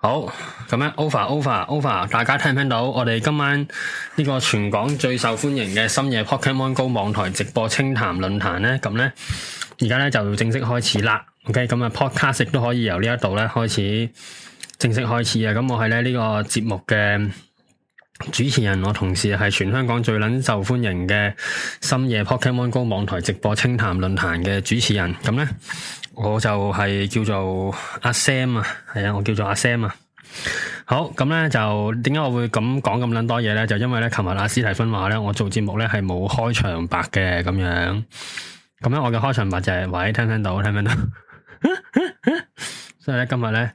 好咁咧，over over over，大家聽唔聽到？我哋今晚呢個全港最受歡迎嘅深夜 Pokemon Go 網台直播清談論壇咧，咁咧而家咧就正式開始啦。OK，咁啊 Podcast 都可以由呢一度咧開始正式開始啊。咁我喺咧呢個節目嘅。主持人，我同事係全香港最捻受歡迎嘅深夜 Pokemon GO 網台直播清談論壇嘅主持人。咁咧，我就係叫做阿 Sam 啊，係啊，我叫做阿 Sam 啊。好，咁咧就點解我會咁講咁捻多嘢咧？就因為咧，琴日阿史提芬話咧，我做節目咧係冇開場白嘅咁樣。咁樣呢，我嘅開場白就係：喂，聽唔聽到？聽唔聽到？ 所以咧，今日咧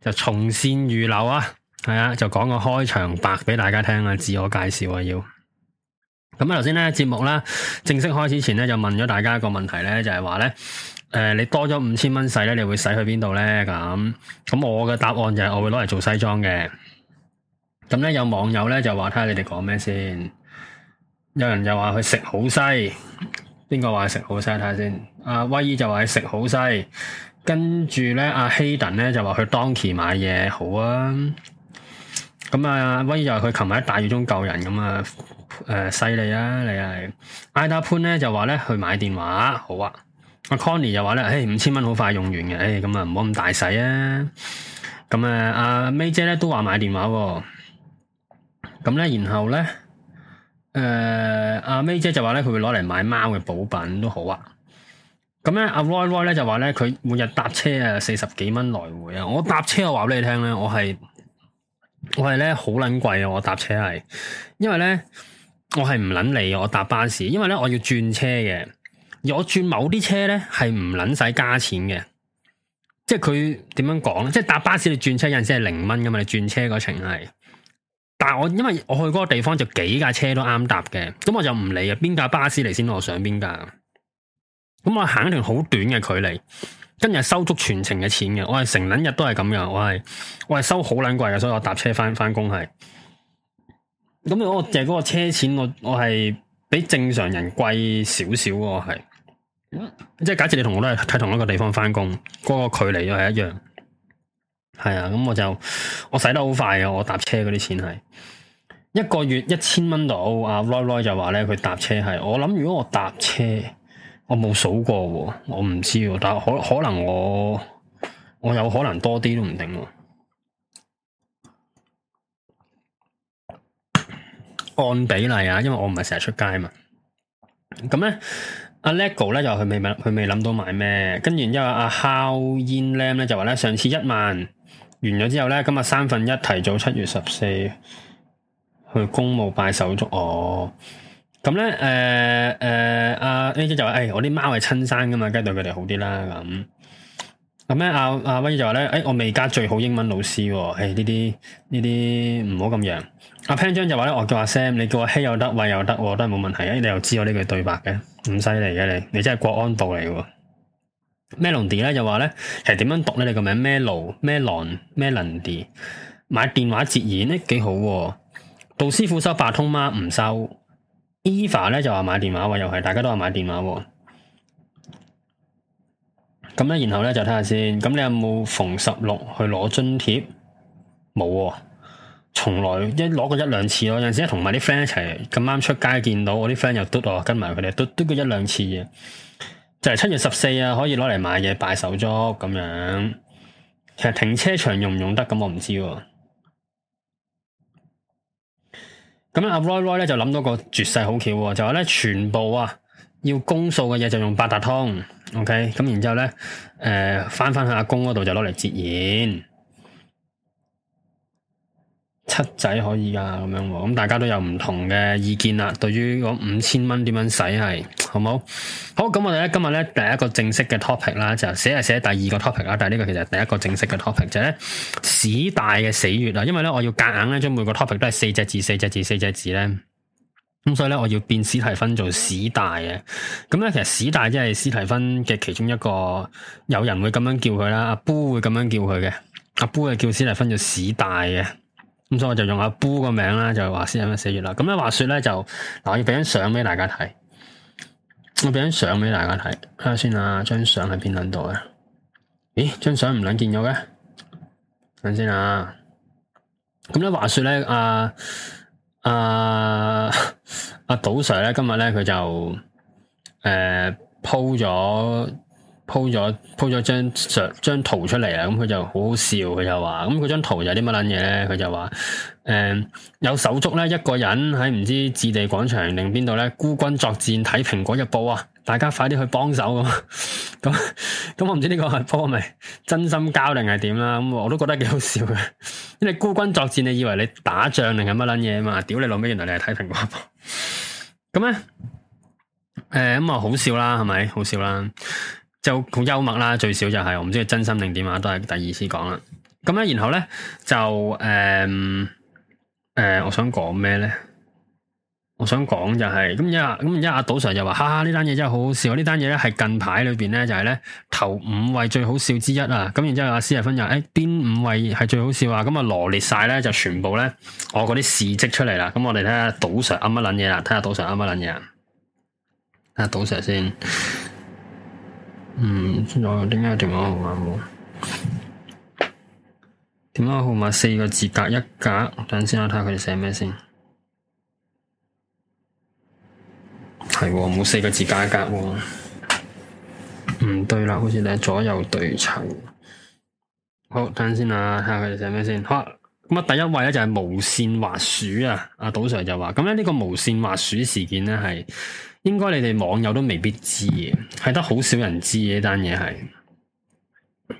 就從善如流啊！係啊，就講個開場白俾大家聽啊，自我介紹啊，要咁啊，頭先咧節目咧正式開始前咧，就問咗大家一個問題咧，就係話咧，誒、呃，你多咗五千蚊使咧，你會使去邊度咧？咁咁我嘅答案就係我會攞嚟做西裝嘅。咁咧，有網友咧就話睇下你哋講咩先，有人就話佢食好西，邊個話食好西睇下先。阿、啊、威就話食好西，跟住咧阿希頓咧就話去 Donki 買嘢好啊。咁啊，阿威就話佢琴日喺大雨中救人咁啊，誒、呃，犀利啊！你係艾達潘咧就話咧去買電話，好啊。阿 Conny 就話咧，誒，五千蚊好快用完嘅，誒，咁啊，唔好咁大使啊。咁啊，阿 May 姐咧都話買電話、啊，咁咧，然後咧，誒、呃，阿、啊、May 姐就話咧佢會攞嚟買貓嘅補品都好啊。咁咧，阿、啊、Roy 咧就話咧佢每日搭車啊，四十幾蚊來回啊。我搭車我話俾你聽咧，我係。我我係咧好捻貴啊！我搭車係，因為咧我係唔捻理我搭巴士，因為咧我要轉車嘅，而我轉某啲車咧係唔捻使加錢嘅，即係佢點樣講咧？即係搭巴士你轉車有陣時係零蚊噶嘛？你轉車嗰程係，但係我因為我去嗰個地方就幾架車都啱搭嘅，咁我就唔理啊邊架巴士嚟，先我上邊架，咁我行一段好短嘅距離。今日收足全程嘅錢嘅，我係成撚日都係咁嘅，我係我係收好撚貴嘅，所以我搭車翻翻工係，咁我借嗰，就是、個車錢，我我係比正常人貴少少喎，係，即係假設你同我都係喺同一個地方翻工，嗰、那個距離都係一樣，係啊，咁我就我使得好快嘅，我搭車嗰啲錢係一個月一千蚊度。阿 Roy Roy 就話咧佢搭車係，我諗如果我搭車。我冇數過喎、啊，我唔知喎、啊，但可可能我我有可能多啲都唔定喎、啊。按比例啊，因為我唔係成日出街嘛。咁咧，阿、啊、Lego 咧就話佢未諗，佢未諗到買咩。跟住然之後阿 Hau Yin Lam 咧就話咧，上次一萬完咗之後咧，今日三分一提早七月十四去公墓拜手足哦。咁咧，誒誒，阿威姐就話：，誒、呃哎，我啲貓係親生噶嘛，梗係對佢哋好啲啦。咁咁咧，阿、啊、阿威姐就話咧：，誒、哎，我未加最好英文老師、哦，誒、哎，呢啲呢啲唔好咁樣。阿潘、啊、章就話咧，我叫阿 Sam，你叫我希又得，喂又得，都係冇問題。你又知我呢句對白嘅，咁犀利嘅你，你真係國安道嚟嘅。Melody n 咧就話咧，係點樣讀咧？你個名 Melon Melon Melody 買電話接線咧幾好、啊，杜師傅收八通嗎？唔收。Eva 咧就話買電話喎，又係，大家都話買電話喎。咁咧，然後咧就睇下先。咁你有冇逢十六去攞津貼？冇、啊，從來一攞過一兩次咯、啊。有陣時同埋啲 friend 一齊咁啱出街見到我啲 friend 又嘟咯，跟埋佢哋篤嘟過一兩次嘅、啊。就係七月十四啊，可以攞嚟買嘢、拜手足咁樣。其實停車場用唔用得咁我唔知喎、啊。咁阿、啊、Roy Roy 咧就諗到一個絕世好橋，就話咧全部啊要公數嘅嘢就用八達通，OK，咁然之後咧誒翻翻去阿公嗰度就攞嚟截然。七仔可以啊，咁樣，咁大家都有唔同嘅意見啦。對於嗰五千蚊點樣使係，好唔好？好，咁我哋咧今日咧第一個正式嘅 topic 啦，就寫係寫第二個 topic 啦，但係呢個其實第一個正式嘅 topic，就係咧史大嘅死穴啦。因為咧我要夾硬咧將每個 topic 都係四隻字、四隻字、四隻字咧，咁所以咧我要變史提芬做史大嘅。咁、嗯、咧其實史大即係史提芬嘅其中一個，有人會咁樣叫佢啦，阿 Bo 會咁樣叫佢嘅，阿 Bo 係叫史提芬做史大嘅。咁、嗯、所以我就用阿 Boo 個名啦，就話先有咩四月啦。咁、嗯、樣話說咧就，嗱，我要俾張相俾大家睇，我俾張相俾大家睇。睇下先啊，張相喺邊度啊？咦，張相唔捻見咗嘅，等陣先、嗯、啊。咁咧話說咧，阿阿阿賭 Sir 咧今日咧佢就，誒 po 咗。po 咗 po 咗張張圖出嚟啊！咁佢就好好笑，佢就話咁佢張圖有啲乜撚嘢咧？佢就話誒有手足咧，一個人喺唔知置地廣場定邊度咧孤軍作戰睇蘋果日報啊！大家快啲去幫手，咁咁咁我唔知呢個係 po 咪真心交定係點啦？咁、嗯、我都覺得幾好笑嘅，因為孤軍作戰，你以為你打仗定係乜撚嘢啊嘛？屌你老味，原來你係睇蘋果報咁咧？誒咁啊好笑啦，係咪好笑啦？好笑就好幽默啦，最少就係、是、我唔知係真心定點啊，都係第二次思講啦。咁咧，然後咧就誒誒、呃呃，我想講咩咧？我想講就係咁而家咁而家阿島 Sir 就話，哈、啊、哈，呢單嘢真係好好笑。呢單嘢咧係近排裏邊咧就係、是、咧頭五位最好笑之一啊。咁然之後阿施日芬又誒邊五位係最好笑啊？咁啊羅列晒咧就全部咧我嗰啲事跡出嚟啦。咁我哋睇下島 Sir 噏乜撚嘢啊？睇下島 Sir 噏乜撚嘢？睇下島 Sir 先。看看嗯，我點解有電話號碼冇？電話號碼四個字隔一格，等先啊，睇下佢哋寫咩先？係喎、哦，冇四個字隔一格喎、哦。唔對啦，好似咧左右對齊。好，等先啊，睇下佢哋寫咩先。好啊，咁啊，第一位咧就係無線滑鼠啊。阿島 Sir 就話，咁咧呢個無線滑鼠事件咧係。應該你哋網友都未必知嘅，係得好少人知嘅呢單嘢係。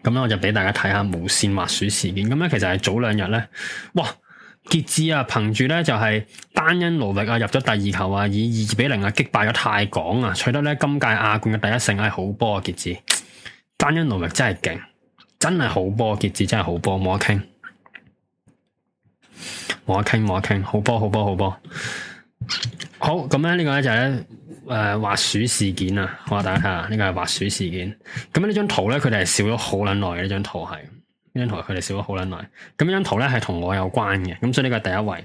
咁咧我就俾大家睇下無線滑鼠事件。咁咧其實係早兩日咧，哇！傑志啊，憑住咧就係單因勞力啊，入咗第二球啊，以二比零啊擊敗咗泰港啊，取得咧今屆亞冠嘅第一勝啊，哎，好波啊！傑志，單因勞力真係勁，真係好波啊！傑志真係好波，冇得傾，冇得傾，冇得傾，冇得傾，好波好波好波，好，咁咧呢個咧就係咧。誒，滑、呃、鼠事件啊，我話大家睇下，呢、這個係滑鼠事件。咁呢張 圖咧，佢哋係笑咗好撚耐嘅。呢張圖係呢張圖，佢哋笑咗好撚耐。咁呢張圖咧係同我有關嘅。咁所以呢個係第一位，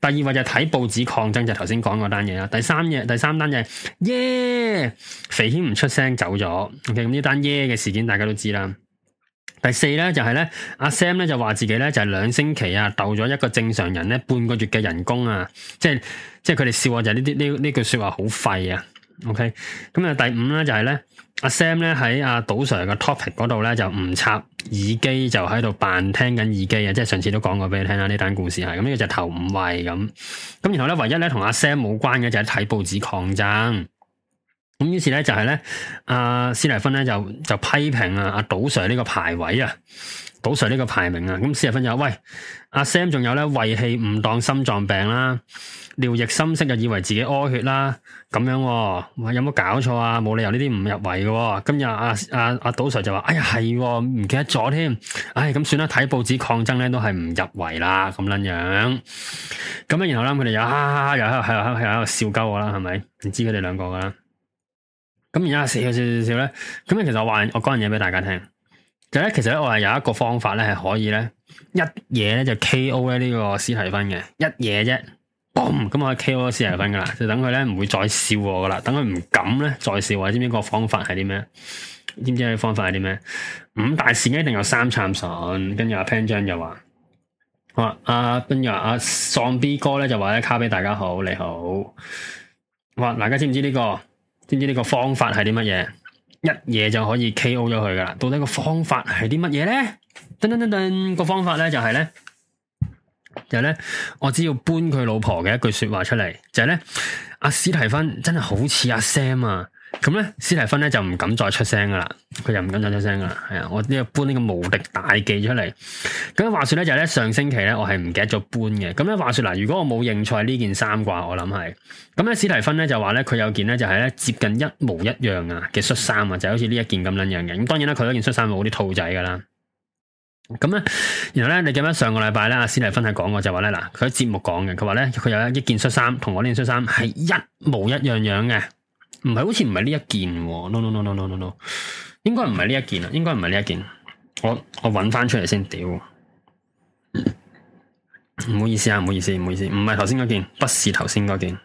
第二位就睇報紙抗爭，就頭先講嗰單嘢啦。第三嘢，第三單嘢，耶、yeah!，肥軒唔出聲走咗。OK，咁呢單耶嘅事件大家都知啦。第四咧就係咧，阿 Sam 咧就話自己咧就係、是、兩星期啊鬥咗一個正常人咧半個月嘅人工啊，即係即係佢哋笑我就係就呢啲呢呢句説話好廢啊。OK，咁啊第五咧就係咧，阿 Sam 咧喺阿賭 Sir 個 topic 嗰度咧就唔插耳機就喺度扮聽緊耳機啊，即係上次都講過俾你聽啦、啊、呢單故事係咁，呢個就頭五位咁，咁然後咧唯一咧同阿 Sam 冇關嘅就係睇報紙抗爭。咁於是咧就係咧，阿斯麗芬咧就就批評啊，阿賭 Sir 呢個排位啊，賭 Sir 呢個排名啊，咁斯麗芬就話喂，阿 Sam 仲有咧胃氣唔當心臟病啦，尿液深色就以為自己屙血啦，咁樣有冇搞錯啊？冇、啊、理由呢啲唔入圍嘅、啊，今日阿阿阿賭 Sir 就話哎呀係，唔記得咗添，唉咁、哎、算啦，睇報紙抗爭咧都係唔入圍啦，咁樣、啊、樣、啊，咁啊然後咧佢哋又哈哈又喺度喺度喺度笑鳩我啦，係、啊、咪？你知佢哋兩個啦。咁而家笑少少少咧，咁啊其實我話我講樣嘢俾大家聽，就咧、是、其實咧我係有一個方法咧係可以咧一嘢咧就 K.O 咧呢個史提芬嘅一嘢啫，嘣咁我 K.O. 咗史提芬噶啦，就等佢咧唔會再笑我噶啦，等佢唔敢咧再笑我，知唔知個方法係啲咩？知唔知呢個方法係啲咩？五大善一定有三參神，跟住阿 p 潘章又話，哇，阿跟住阿喪 B 哥咧就話咧，卡啡大家好，你好，哇，大家知唔知呢、這個？知唔知呢個方法係啲乜嘢？一嘢就可以 K.O. 咗佢噶啦。到底個方法係啲乜嘢咧？噔噔噔噔，個方法咧就係咧就係咧，我只要搬佢老婆嘅一句說話出嚟就係咧。阿史提芬真係好似阿 Sam 啊！咁咧，史提芬咧就唔敢再出聲噶啦，佢就唔敢再出聲噶啦。係啊，我呢個搬呢個無敵大忌出嚟。咁樣話說咧，就係咧上星期咧，我係唔記得咗搬嘅。咁樣話說嗱，如果我冇認錯呢件衫啩，我諗係。咁咧，史提芬咧就話咧，佢有件咧就係咧接近一模一樣啊嘅恤衫啊，就好似呢一件咁樣樣嘅。咁當然啦，佢嗰件恤衫冇啲兔仔噶啦。咁咧，然後咧，你記得上個禮拜咧，史提芬係講過就話咧嗱，佢喺節目講嘅，佢話咧佢有一件恤衫同我呢件恤衫係一模一樣樣嘅。唔係，好似唔係呢一件哦，no no no no no no，應該唔係呢一件啊，應該唔係呢一件，我我搵翻出嚟先，屌，唔好意思啊，唔好意思，唔好意思，唔係頭先嗰件，不是頭先嗰件，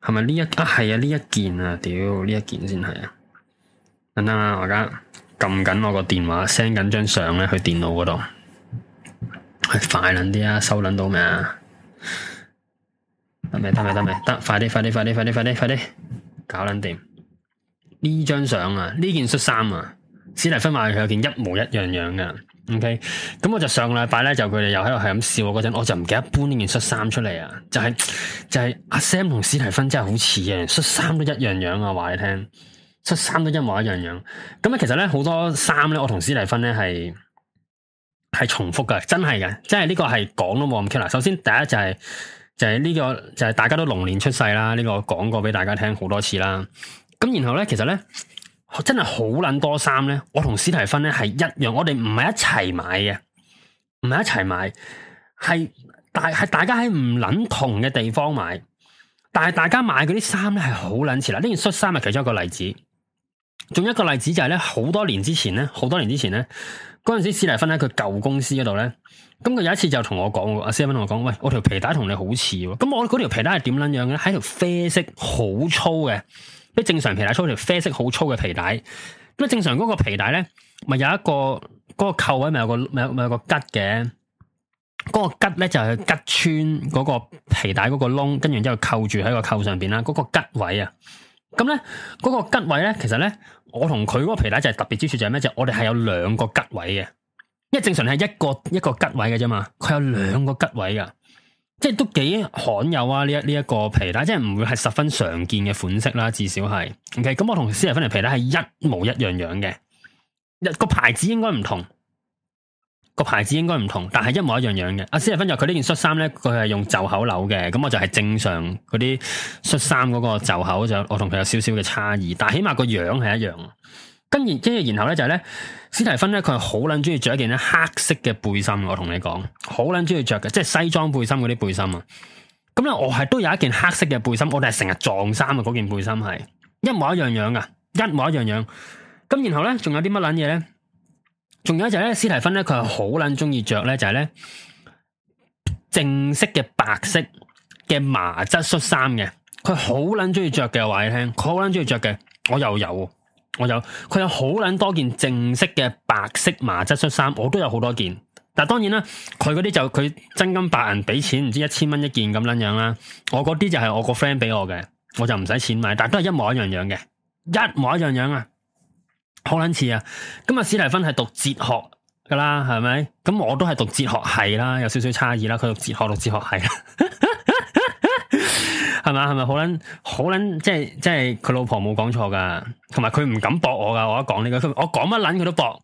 係咪呢一？啊係啊，呢一件啊，屌，呢一件先係啊，等等啊，我而家撳緊我個電話，send 緊張相咧去電腦嗰度，快撚啲啊，收撚到未啊？得未得未得未？得快啲快啲快啲快啲快啲快啲！搞捻掂呢張相啊？呢件恤衫啊，史蒂芬話佢有件一模一樣樣嘅。OK，咁我就上個禮拜咧就佢哋又喺度係咁笑我。嗰陣我就唔記得搬呢件恤衫出嚟啊！就係就係阿 Sam 同史蒂芬真係好似啊，恤衫都一樣樣啊！話你聽，恤衫都一模一樣樣。咁啊，其實咧好多衫咧，我同史蒂芬咧係係重複嘅，真係嘅，即係呢個係講都冇咁巧啦，首先第一就係。就係呢個，就係大家都龍年出世啦。呢個講過俾大家聽好多次啦。咁然後咧，其實咧真係好捻多衫咧。我同史提芬咧係一樣，我哋唔係一齊買嘅，唔係一齊買，係大係大家喺唔捻同嘅地方買。但係大家買嗰啲衫咧係好捻似啦。呢件恤衫係其中一個例子。仲有一個例子就係咧，好多年之前咧，好多年之前咧。嗰陣時，史麗芬喺佢舊公司嗰度咧，咁佢有一次就同我講，阿史麗芬同我講，喂，我條皮帶同你好似喎，咁我嗰條皮帶係點撚樣咧？係條啡色好粗嘅，啲正常皮帶粗條啡色好粗嘅皮帶。咁正常嗰個皮帶咧，咪有一個嗰個扣位，咪有個咪咪有個吉嘅。嗰個吉咧就係吉穿嗰個皮帶嗰個窿，跟住之後扣住喺個扣上邊啦。嗰個吉位啊，咁咧嗰個吉位咧，其實咧。我同佢嗰個皮帶就係特別之處就係咩就係、是、我哋係有兩個吉位嘅，因為正常係一個一個吉位嘅啫嘛，佢有兩個吉位噶，即係都幾罕有啊！呢一呢一個皮帶即係唔會係十分常見嘅款式啦，至少係，OK，咁我同斯提芬尼皮帶係一模一樣樣嘅，一個牌子應該唔同個牌子應該唔同，但係一模一樣樣嘅。阿斯提芬就佢呢件恤衫咧，佢係用袖口扭嘅，咁我就係正常嗰啲恤衫嗰個袖口就我同佢有少少嘅差異，但係起碼個樣係一樣。跟住跟住然後咧就係、是、咧，斯提芬咧佢係好撚中意着一件咧黑色嘅背心，我同你講，好撚中意着嘅，即、就、係、是、西裝背心嗰啲背心啊。咁咧我係都有一件黑色嘅背心，我哋係成日撞衫啊，嗰件背心係一模一樣樣噶，一模一樣樣。咁然後咧仲有啲乜撚嘢咧？仲有就咧，史提芬咧，佢係好捻鍾意着咧，就係咧正式嘅白色嘅麻質恤衫嘅，佢好捻鍾意着嘅話，你聽，佢好捻鍾意着嘅，我又有，我有，佢有好捻多件正式嘅白色麻質恤衫，我都有好多件。但係當然啦，佢嗰啲就佢真金白銀俾錢，唔知一千蚊一件咁捻樣啦。我嗰啲就係我個 friend 俾我嘅，我就唔使錢買，但都係一模一樣樣嘅，一模一樣樣樣啊！好撚似啊！咁啊，史蒂芬係讀哲學噶啦，係咪？咁我都係讀哲學系啦，有少少差異啦。佢讀哲學，讀哲學系，係 嘛？係咪好撚？好撚！即係即係佢老婆冇講錯噶，同埋佢唔敢駁我噶。我一講呢句，我講乜撚佢都駁。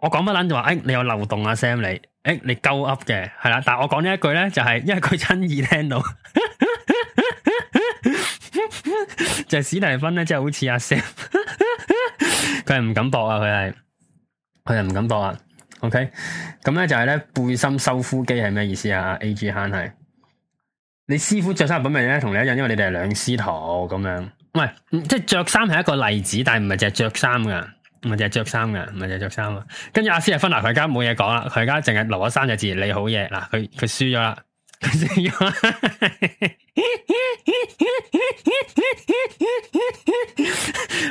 我講乜撚就話誒、哎，你有漏洞啊，Sam 你誒、哎，你鳩噏嘅係啦。但係我講呢一句咧，就係、是、因為佢親耳聽到， 就係史蒂芬咧，就好似阿 Sam。 佢係唔敢搏啊！佢係佢係唔敢搏啊！OK，咁咧就係咧背心收腹肌係咩意思啊？AG 慳係你師傅着衫品味咧同你一樣，因為你哋係兩師徒咁樣。唔係即係着衫係一個例子，但係唔係淨係着衫噶，唔係淨係着衫噶，唔係淨係着衫啊！跟住阿師又分埋佢而家冇嘢講啦，佢而家淨係留咗三隻字你好嘢嗱，佢佢輸咗啦。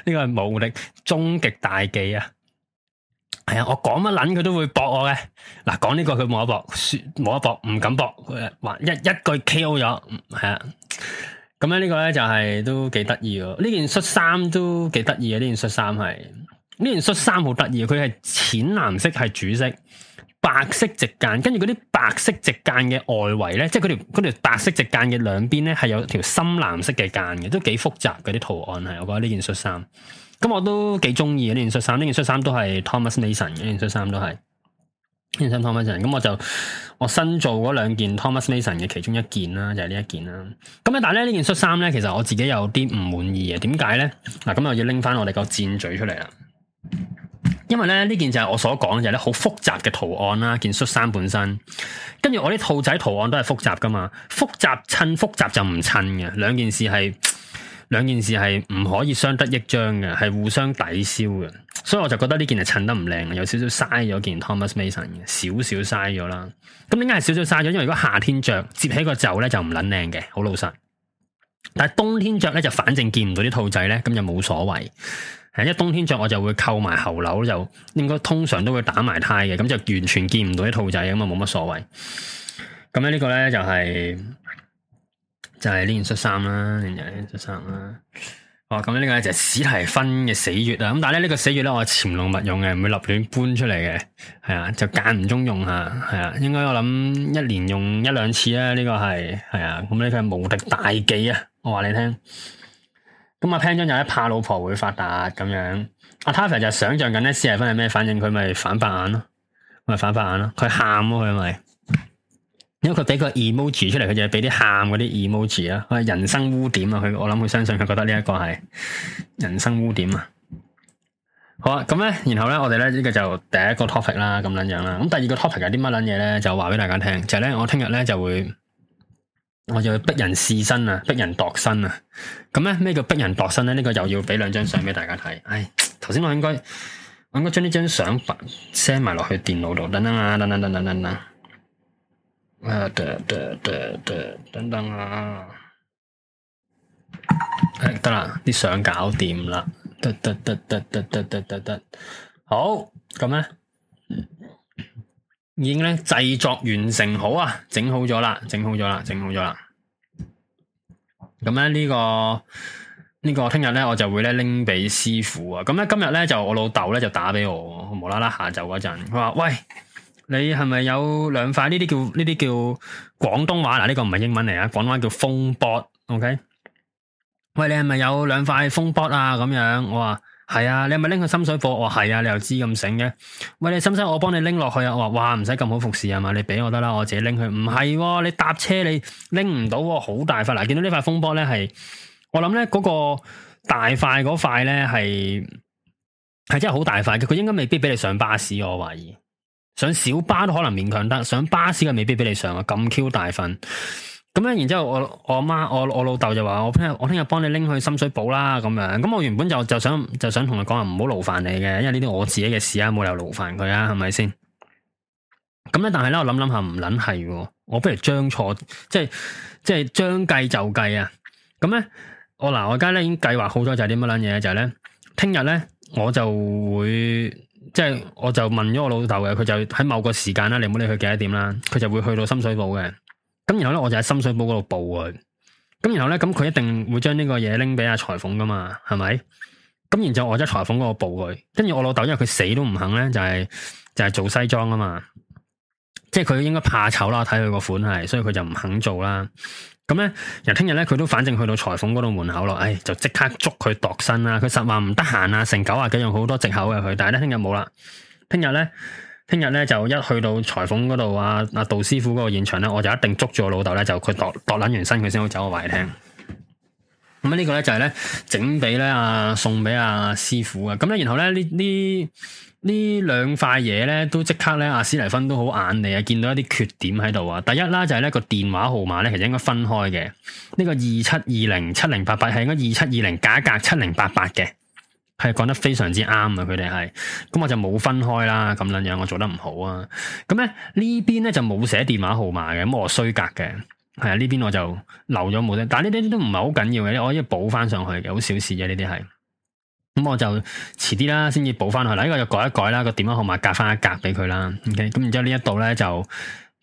呢個係武力終極大忌啊！係、哎、啊，我講乜捻佢都會駁我嘅。嗱、這個，講呢個佢冇得駁，冇得駁，唔敢駁。佢話一一句 K.O. 咗，係、嗯、啊。咁、哎、樣這個呢個咧就係、是、都幾得意嘅。呢件恤衫都幾得意嘅。呢件恤衫係呢件恤衫好得意，佢係淺藍色係主色。白色直間，跟住嗰啲白色直間嘅外圍咧，即係嗰條條白色直間嘅兩邊咧，係有條深藍色嘅間嘅，都幾複雜嘅啲圖案係，我覺得呢件恤衫，咁我都幾中意啊呢件恤衫，呢件恤衫都係 Thomas Mason 嘅呢件恤衫都係呢件衫 Thomas Mason，咁我就我新做嗰兩件 Thomas Mason 嘅其中一件啦，就係、是、呢一件啦。咁啊，但係咧呢件恤衫咧，其實我自己有啲唔滿意啊。點解咧？嗱，咁我要拎翻我哋個箭嘴出嚟啦。因為咧呢件就係我所講嘅，就係咧好複雜嘅圖案啦，件恤衫本身，跟住我啲兔仔圖案都係複雜噶嘛，複雜襯複雜就唔襯嘅，兩件事係兩件事係唔可以相得益彰嘅，係互相抵消嘅，所以我就覺得呢件係襯得唔靚，有少少嘥咗件 Thomas Mason 嘅，少少嘥咗啦。咁點解係少少嘥咗？因為如果夏天着，接起個袖咧就唔撚靚嘅，好老實。但係冬天着咧就反正見唔到啲兔仔咧，咁就冇所謂。係，因為冬天着我就會扣埋喉鈕，就應該通常都會打埋呔嘅，咁就完全見唔到啲兔仔，咁啊冇乜所謂。咁咧呢個咧就係、是、就係、是、呢件恤衫啦，呢件恤衫啦。哇、哦，咁咧呢個就是、史提芬嘅死穴啊！咁但係咧呢、這個死穴咧我潛龍勿用嘅，唔會立亂搬出嚟嘅。係啊，就間唔中用下。係啊。應該我諗一年用一兩次啦。呢、這個係係啊。咁咧佢係無敵大忌啊！我話你聽。咁啊，聽咗、嗯、就係怕老婆會發達咁樣，阿 Taffy 就想象緊咧四十分係咩反應，佢咪反白眼咯，咪反白眼咯，佢喊咯佢咪。因為佢畀個 emoji 出嚟，佢就係畀啲喊嗰啲 emoji 啊，佢係人生污點啊，佢我諗佢相信佢覺得呢一個係人生污點啊。好啊，咁咧，然後咧，我哋咧呢個就第一個 topic 啦，咁樣樣啦，咁第二個 topic 係啲乜撚嘢咧，就話俾大家聽，就咧、係、我聽日咧就會。我就要逼人試身啊，逼人度身啊，咁咧咩叫逼人度身咧？呢、這個又要畀兩張相俾大家睇。唉，頭先我應該，我應該將呢張相發，send 埋落去電腦度等等啊，等等等等等等，誒，得得得得等等啊，誒、啊，得啦、啊，啲、哎、相搞掂啦，得得得得得得得得得，好，咁咧。已經咧製作完成好啊，整好咗啦，整好咗啦，整好咗啦。咁咧呢個呢個聽日咧，我就會咧拎俾師傅啊。咁咧今日咧就我老豆咧就打俾我，無啦啦下晝嗰陣，佢話喂，你係咪有兩塊呢啲叫呢啲叫廣東話嗱？呢個唔係英文嚟啊，廣東話叫風波，OK？喂，你係咪有兩塊風波啊？咁樣我話。係啊，你係咪拎去深水埗？我、哦、係啊，你又知咁醒嘅？喂，你使唔使我幫你拎落去啊？我話哇，唔使咁好服侍啊嘛？你俾我得啦，我自己拎去。唔係、啊，你搭車你拎唔到、啊，好大塊嗱、啊。見到呢塊風波咧，係我諗咧嗰個大塊嗰塊咧係係真係好大塊嘅。佢應該未必俾你上巴士，我懷疑上小巴都可能勉強得，上巴士佢未必俾你上啊。咁 Q 大份。咁咧，然之後我我阿媽我我老豆就話我聽日我聽日幫你拎去深水埗啦，咁樣。咁我原本就就想就想同佢講啊，唔好勞煩你嘅，因為呢啲我自己嘅事啊，冇理由勞煩佢啊，係咪先？咁咧，但係咧，我諗諗下唔捻係，我不如將錯即係即係將計就計啊！咁咧，我嗱，我而家咧已經計劃好咗，就係啲乜捻嘢，就係咧，聽日咧我就會即係我就問咗我老豆嘅，佢就喺某個時間啦，你唔好理佢幾多點啦，佢就會去到深水埗嘅。咁然後咧，我就喺深水埗嗰度報佢。咁然後咧，咁佢一定會將呢個嘢拎俾阿裁縫噶嘛，係咪？咁然之後我即裁縫嗰度報佢。跟住我老豆，因為佢死都唔肯咧，就係、是、就係、是、做西裝啊嘛。即係佢應該怕醜啦，睇佢個款係，所以佢就唔肯做啦。咁咧，由聽日咧，佢都反正去到裁縫嗰度門口咯，誒、哎，就即刻捉佢度身啦。佢實話唔得閒啊，成九啊幾樣好多借口嘅佢，但係咧聽日冇啦，聽日咧。聽日咧就一去到裁縫嗰度啊，阿杜師傅嗰個現場咧，我就一定捉住我老豆咧，就佢度度捻完身佢先好走我話你聽。咁、嗯這個、呢個咧就係咧整俾咧啊，送俾阿、啊、師傅呢呢啊。咁咧然後咧呢呢呢兩塊嘢咧都即刻咧阿史黎芬都好眼利啊，見到一啲缺點喺度啊。第一啦就係咧個電話號碼咧其實應該分開嘅，呢、這個二七二零七零八八係應該二七二零加一格七零八八嘅。係講得非常之啱啊！佢哋係咁我就冇分開啦，咁樣樣我做得唔好啊！咁咧呢邊咧就冇寫電話號碼嘅，咁、嗯、我衰格嘅，係啊，呢邊我就漏咗冇得。但呢啲都唔係好緊要嘅，我可以補翻上去嘅，好小事啫，呢啲係咁我就遲啲啦，先至補翻去啦，呢、這個就改一改啦，個電話號碼夾翻一格俾佢啦。OK，咁、嗯、然之後呢一度咧就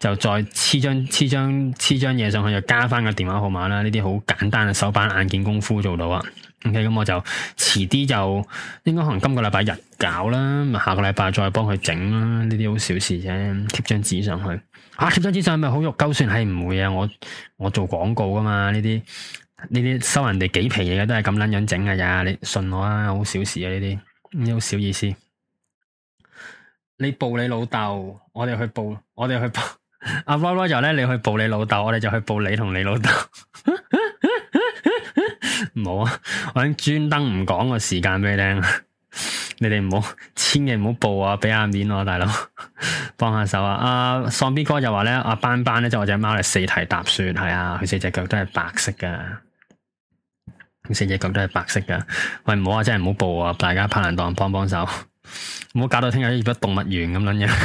就再黐張黐張黐張嘢上去，就加翻個電話號碼啦，呢啲好簡單嘅手板眼見功夫做到啊！OK，咁我就遲啲就應該可能今個禮拜日搞啦，下個禮拜再幫佢整啦。呢啲好小事啫，貼張紙上去。啊，貼張紙上去咪好肉鳩算係唔會啊！我我做廣告噶嘛，呢啲呢啲收人哋幾皮嘢嘅都係咁捻樣整噶咋？你信我啊，好小事啊呢啲，好小意思。你報你老豆，我哋去報，我哋去報。阿 Roy Roy 就咧，你去報你老豆，我哋就去報你同你老豆。 唔好啊！我已經專登唔講個時間俾你聽，你哋唔好千祈唔好報啊！畀下面我大佬，幫下手啊！阿喪 B 哥就話咧，阿、啊、班班咧就是、我隻貓係四蹄踏雪，係啊，佢四隻腳都係白色噶，佢四隻腳都係白色噶。喂，唔好啊，真係唔好報啊！大家拍人檔，幫幫手，唔好搞到聽日入咗動物園咁樣。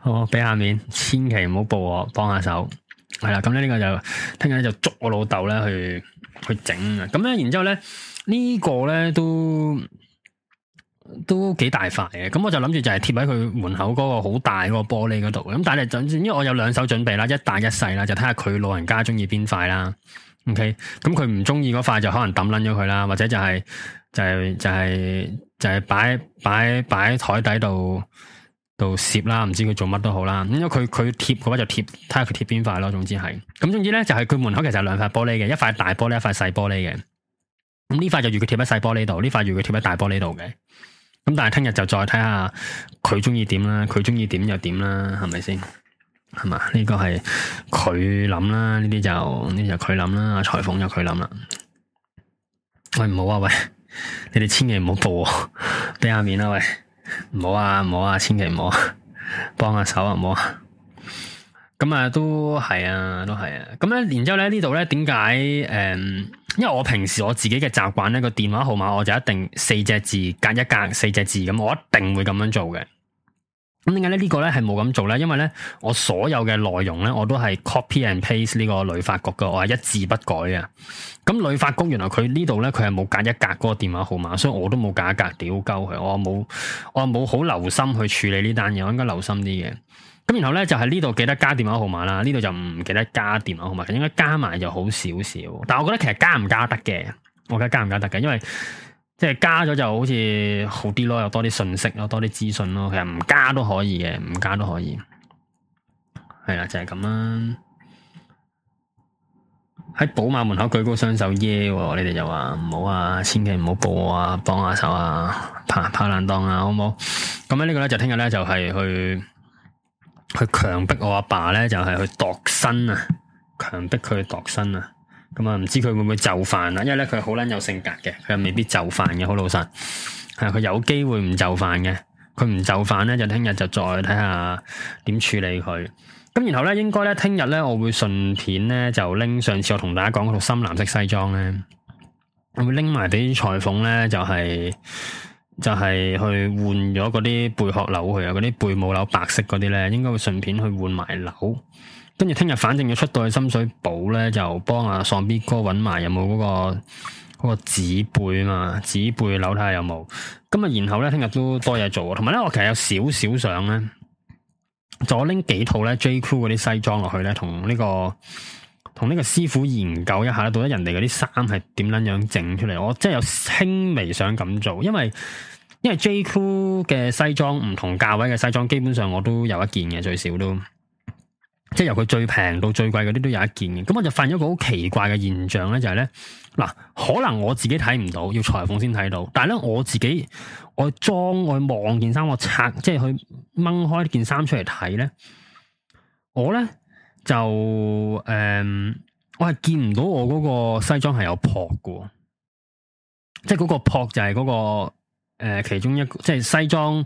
好，俾下面，千祈唔好報我、啊，幫下手。係啦，咁咧呢個就聽日咧就捉我老豆咧去去整啊！咁咧，然之後咧呢個咧都都幾大塊嘅，咁我就諗住就係貼喺佢門口嗰個好大嗰個玻璃嗰度。咁但係總之，因為我有兩手準備啦，一大一細啦，就睇下佢老人家中意邊塊啦。OK，咁佢唔中意嗰塊就可能抌撚咗佢啦，或者就係就係就係就係擺擺擺台底度。度攝啦，唔知佢做乜都好啦。因為佢佢貼嗰塊就貼，睇下佢貼邊塊咯。總之係咁，總之咧就係佢門口其實係兩塊玻璃嘅，一塊大玻璃，一塊細玻璃嘅。咁呢塊就如佢貼喺細玻璃度，呢塊如佢貼喺大玻璃度嘅。咁但係聽日就再睇下佢中意點啦，佢中意點就點啦，係咪先？係嘛？呢個係佢諗啦，呢啲就呢啲就佢諗啦。阿裁縫就佢諗啦。喂唔好啊，喂，你哋千祈唔好播，俾下面啦，喂。唔好啊，唔好啊，千祈唔好，幫下手啊，唔好啊。咁啊，啊，都係啊，都係啊。咁咧，然之後咧呢度咧，點解？誒、嗯，因為我平時我自己嘅習慣咧，個電話號碼我就一定四隻字，隔一隔四隻字，咁我一定會咁樣做嘅。咁點解咧？個呢個咧係冇咁做咧？因為咧，我所有嘅內容咧，我都係 copy and paste 呢個女法局嘅，我係一字不改啊。咁女法局原來佢呢度咧，佢係冇隔一格嗰個電話號碼，所以我都冇隔一格，屌鳩佢，我冇，我冇好留心去處理呢單嘢，我應該留心啲嘅。咁然後咧就係呢度記得加電話號碼啦，呢度就唔記得加電話號碼，應該加埋就好少少。但係我覺得其實加唔加得嘅，我覺得加唔加得嘅，因為。即係加咗就好似好啲咯，又多啲信息咯，多啲資訊咯。其實唔加都可以嘅，唔加都可以。係啦，就係咁啦。喺寶馬門口舉高雙手，耶、yeah！你哋就話唔好啊，千祈唔好報啊，幫下手啊，怕怕難當啊，好唔好？咁咧呢個咧就聽日咧就係、是、去去強迫我阿爸咧就係、是、去度身啊，強迫佢度身啊。咁啊，唔知佢會唔會就範啦？因為咧，佢好捻有性格嘅，佢又未必就範嘅，好老實。係佢有機會唔就範嘅，佢唔就範咧，就聽日就再睇下點處理佢。咁然後咧，應該咧，聽日咧，我會順便咧，就拎上次我同大家講嗰套深藍色西裝咧，我會拎埋俾裁縫咧，就係、是、就係、是、去換咗嗰啲貝殼鈕去啊，嗰啲貝母鈕白色嗰啲咧，應該會順便去換埋鈕。跟住聽日，反正要出到去深水埗咧，就幫阿喪 B 哥揾埋有冇嗰個嗰個紙背嘛，紙背樓睇下有冇。咁啊，然後咧，聽日都多嘢做，同埋咧我其實有少少想咧，就拎幾套咧 J.Crew 嗰啲西裝落去咧，同呢個同呢個師傅研究一下，到底人哋嗰啲衫係點捻樣整出嚟。我真係有輕微想咁做，因為因為 J.Crew 嘅西裝唔同價位嘅西裝，基本上我都有一件嘅最少都。即係由佢最平到最貴嗰啲都有一件嘅，咁我就發現咗個好奇怪嘅現象咧，就係咧，嗱，可能我自己睇唔到，要裁縫先睇到，但係咧我自己，我裝我望件衫，我拆，即係去掹開件衫出嚟睇咧，我咧就誒、呃，我係見唔到我嗰個西裝係有撲嘅，即係嗰個撲就係嗰、那個誒、呃，其中一個即係西裝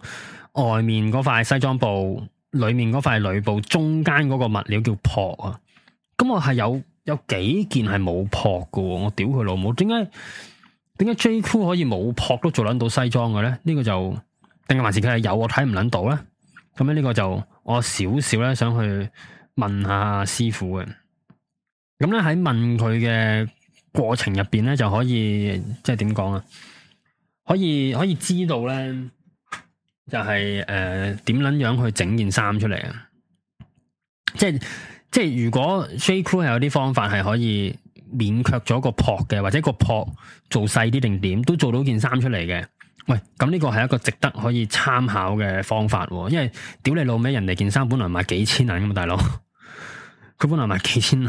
外面嗰塊西裝布。裏面嗰塊裏布中間嗰個物料叫扑啊，咁我係有有幾件係冇扑噶，我屌佢老母，點解點解 JQ 可以冇扑都做撚到西裝嘅咧？呢、這個就定係還是佢係有我睇唔撚到咧？咁咧呢個就我少少咧想去問下師傅嘅。咁咧喺問佢嘅過程入邊咧就可以即係點講啊？可以可以知道咧。就係、是、誒，點、呃、捻樣去整件衫出嚟啊？即係即係，如果 J Crew 係有啲方法係可以勉強咗個扑嘅，或者個扑做細啲定點，都做到件衫出嚟嘅。喂，咁呢個係一個值得可以參考嘅方法，因為屌你老味，人哋件衫本來賣幾千銀噶嘛，大佬，佢本來賣幾千銀。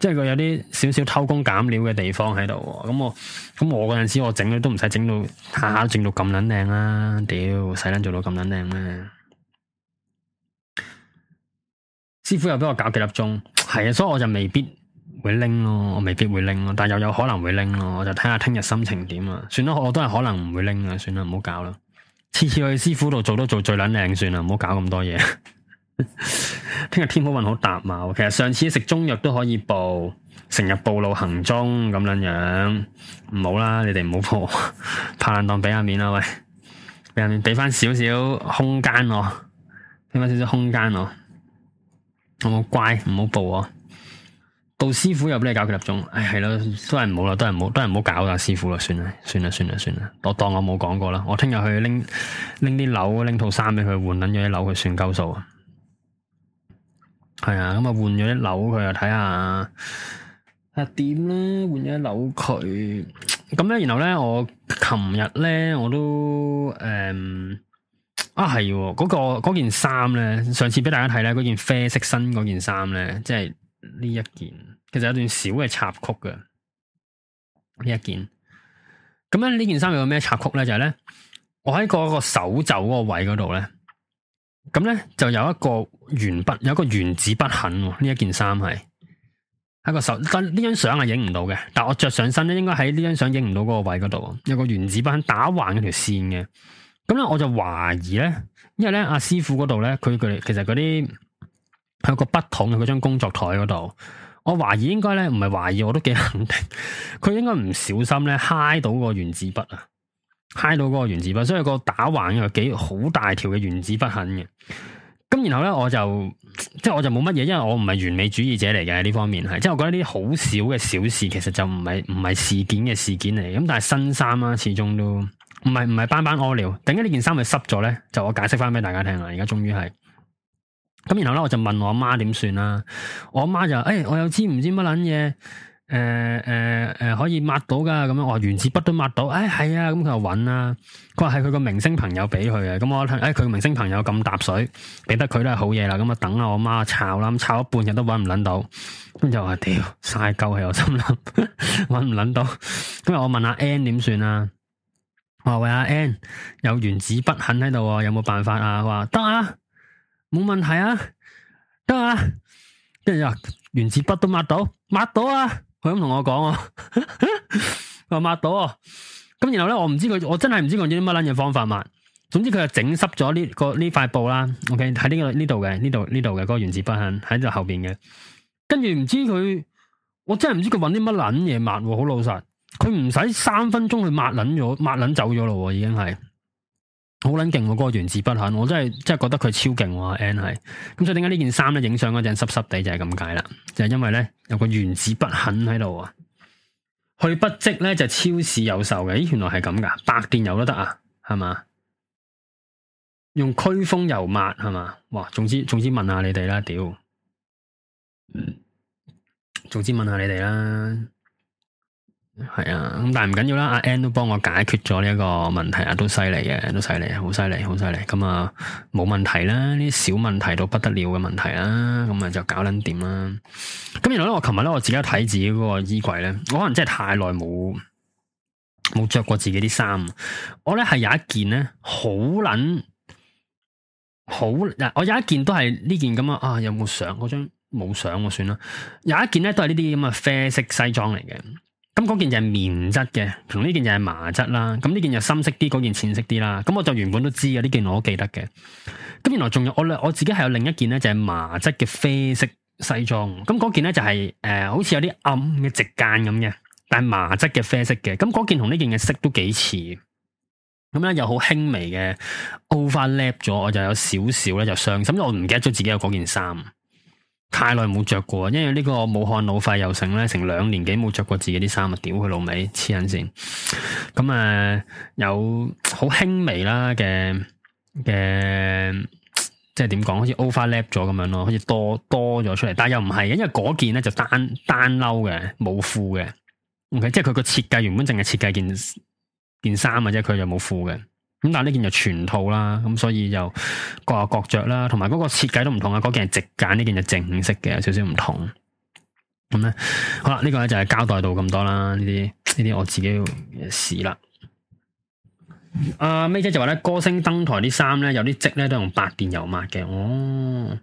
即係佢有啲少少偷工減料嘅地方喺度，咁我咁我嗰陣時我整咧都唔使整到下下都整到咁撚靚啦，屌使撚做到咁撚靚咩？師傅又俾我搞幾粒鐘，係啊，所以我就未必會拎咯，我未必會拎咯，但又有可能會拎咯，我就睇下聽日心情點啊！算啦，我都係可能唔會拎啊，算啦，唔好搞啦，次次去師傅度做都做最撚靚算啦，唔好搞咁多嘢。聽日天，天好運好搭嘛？其實上次食中藥都可以報，成日暴露行蹤咁樣樣，唔好啦，你哋唔好破，拍爛檔俾下面啦，喂，俾阿面俾翻少少空間我，俾翻少少空間我，好乖，唔好報啊。杜師傅又俾你搞幾粒鐘，唉，係咯，都係唔好啦，都係唔好，都係唔好搞啦，師傅啦，算啦，算啦，算啦，算啦，我當我冇講過啦，我聽日去拎拎啲樓，拎套衫俾佢換，捻咗啲樓去算鳩數。係啊，咁啊換咗啲鈕佢啊睇，下啊點啦，換咗啲鈕佢。咁咧，然後咧，我琴日咧，我都誒、嗯，啊係嗰、嗰個嗰件衫咧，上次俾大家睇咧，嗰件啡色身嗰件衫咧，即係呢一件。其實有段小嘅插曲嘅呢一件。咁咧呢件衫有個咩插曲咧？就係咧，我喺個手肘嗰個位嗰度咧。咁咧就有一個鉛筆，有一個原子筆痕，呢一件衫係一個手。但呢張相係影唔到嘅，但係我着上身咧，應該喺呢張相影唔到嗰個位嗰度，有個原子筆打橫嗰條線嘅。咁咧我就懷疑咧，因為咧阿、啊、師傅嗰度咧，佢佢其實嗰啲有個筆筒喺嗰張工作台嗰度，我懷疑應該咧唔係懷疑，我都幾肯定，佢應該唔小心咧揩到個原子筆啊。嗨到嗰個原子筆，所以個打橫又幾好大條嘅原子筆痕嘅。咁然後咧，我就即係我就冇乜嘢，因為我唔係完美主義者嚟嘅呢方面係，即係我覺得呢啲好少嘅小事其實就唔係唔係事件嘅事件嚟。咁但係新衫啦、啊，始終都唔係唔係班班屙尿。等緊呢件衫咪濕咗咧，就我解釋翻俾大家聽啦。而家終於係咁，然後咧我就問我媽點算啦？我媽就誒、哎，我又知唔知乜撚嘢？誒誒誒，可以抹到噶咁樣，我原子筆都抹到，誒、哎、係啊，咁佢又搵啊，佢話係佢個明星朋友俾佢啊。咁我誒佢、哎、明星朋友咁搭水，俾得佢都係好嘢啦，咁啊等下我媽炒啦，咁炒咗半日都搵唔捻到，咁就話屌，嘥鳩喺我心諗，搵唔捻到，今日我問阿 N 點算啊？我話喂，阿 N 有原子筆痕喺度啊，有冇辦法啊？佢話得啊，冇問題啊，得啊，跟住就話原子筆都抹到，抹到啊！佢咁同我講，佢話抹到、啊，咁然後咧，我唔知佢，我真係唔知佢用啲乜卵嘢方法抹。總之佢係整濕咗呢個呢塊布啦 OK?。OK，喺呢個呢度嘅，呢度呢度嘅嗰個原子筆痕喺度後邊嘅。跟住唔知佢，我真係唔知佢搵啲乜卵嘢抹，好老實擦擦。佢唔使三分鐘去抹卵咗，抹卵走咗咯、啊，已經係。好捻勁，啊那個原子筆肯，我真係真係覺得佢超勁，啊。An 係，咁所以點解呢件衫咧影相嗰陣濕濕地就係咁解啦，就係、是、因為咧有個原子筆肯喺度啊。去筆跡咧就是、超市有售嘅，咦？原來係咁噶，百店有都得啊，係嘛？用驅風油抹係嘛？哇！總之總之問下你哋啦，屌，嗯，總之問下你哋啦。係啊，咁但係唔緊要啦，阿 N 都幫我解決咗呢一個問題啊，都犀利嘅，都犀利，好犀利，好犀利，咁啊冇問題啦，呢啲小問題到不得了嘅問題啦，咁啊就搞捻掂啦。咁、嗯、原來咧，我琴日咧我自己睇自己嗰個衣櫃咧，我可能真係太耐冇冇着過自己啲衫，我咧係有一件咧好捻好，我有一件都係呢件咁啊，啊有冇相？嗰張冇相我算啦，有一件咧都係呢啲咁嘅啡色西裝嚟嘅。咁嗰件就係棉質嘅，同呢件就係麻質啦。咁呢件就深色啲，嗰件淺色啲啦。咁我就原本都知嘅，呢件我都記得嘅。咁原來仲有我咧，我自己係有另一件咧，就係、是、麻質嘅啡色西裝。咁嗰件咧就係、是、誒、呃，好似有啲暗嘅直間咁嘅，但係麻質嘅啡色嘅。咁嗰件同呢件嘅色都幾似。咁咧又好輕微嘅 overlap 咗，我就有少少咧就傷心。咁我唔記得咗自己有嗰件衫。太耐冇着過，因為呢個武漢老肺又醒咧，成兩年幾冇着過自己啲衫啊！屌佢老味黐人線。咁啊，有好輕微啦嘅嘅，即係點講？好似 overlap 咗咁樣咯，好似多多咗出嚟，但係又唔係嘅，因為嗰件咧就單單褸嘅，冇褲嘅。OK，即係佢個設計原本淨係設計件件衫嘅啫，佢就冇褲嘅。咁但係呢件就全套啦，咁所以就各有各着啦，同埋嗰個設計都唔同啊！嗰件係直揀，呢件就正式嘅，有少少唔同。咁、嗯、咧，好啦，呢、這個咧就係交代到咁多啦。呢啲呢啲我自己嘅事啦。阿、啊、May 姐就話咧，歌星登台啲衫咧，有啲織咧都用白電油抹嘅。哦，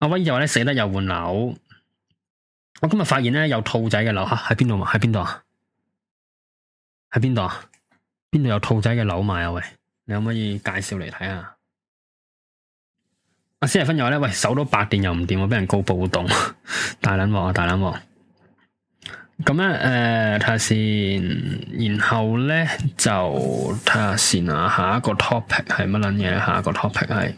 阿、啊、威就話咧，死得又換樓。我今日發現咧，有兔仔嘅樓下喺邊度啊？喺邊度啊？喺邊度啊？邊度有兔仔嘅樓賣啊？喂，你可唔可以介紹嚟睇下？阿先仁分咗咧，喂，守到八點又唔掂，啊，我俾人告暴動， 大撚鑊啊，大撚鑊！咁咧，誒睇下先，然後咧就睇下先啊，下一個 topic 係乜撚嘢？下一個 topic 係。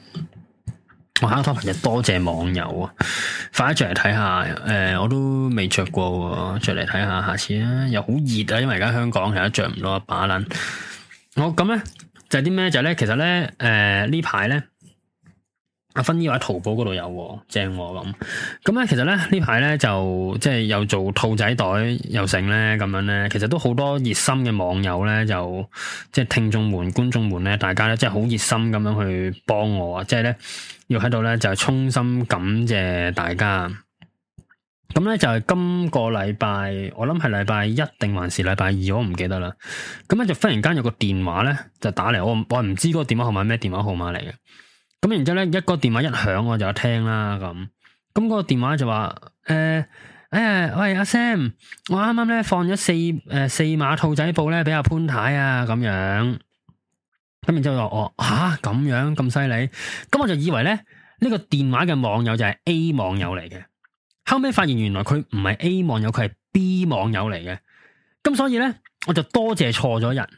我下個 topic 就多謝網友啊， 快啲着嚟睇下，我都未着過，着嚟睇下，下次啊，又好熱啊，因為而家香港其實着唔到一把冷。我咁咧就啲、係、咩就咧、係，其實呢，誒、呃、呢排咧。阿芬姨喺淘寶嗰度有、哦，正咁咁咧，其實咧呢排咧就即係又做兔仔袋又成咧，咁樣咧，其實都好多熱心嘅網友咧，就即係聽眾們、觀眾們咧，大家咧即係好熱心咁樣去幫我啊，即係咧要喺度咧就是、衷心感謝大家。咁、嗯、咧就係、是、今個禮拜，我諗係禮拜一定還是禮拜二，我唔記得啦。咁咧就忽然間有個電話咧就打嚟，我我唔知個電話號碼咩電話號碼嚟嘅。咁然之後咧，一個電話一響我就聽啦咁。咁嗰個電話就話：誒、呃、誒、哎呃，喂阿 Sam，我啱啱咧放咗四誒、呃、四馬兔仔布咧俾阿潘太啊，咁樣。咁然之後就哦、吓、啊、咁樣咁犀利，咁我就以為咧呢、呢個電話嘅網友就係 A 網友嚟嘅。後尾發現原來佢唔係 A 網友，佢係 B 網友嚟嘅。咁所以咧，我就多謝錯咗人。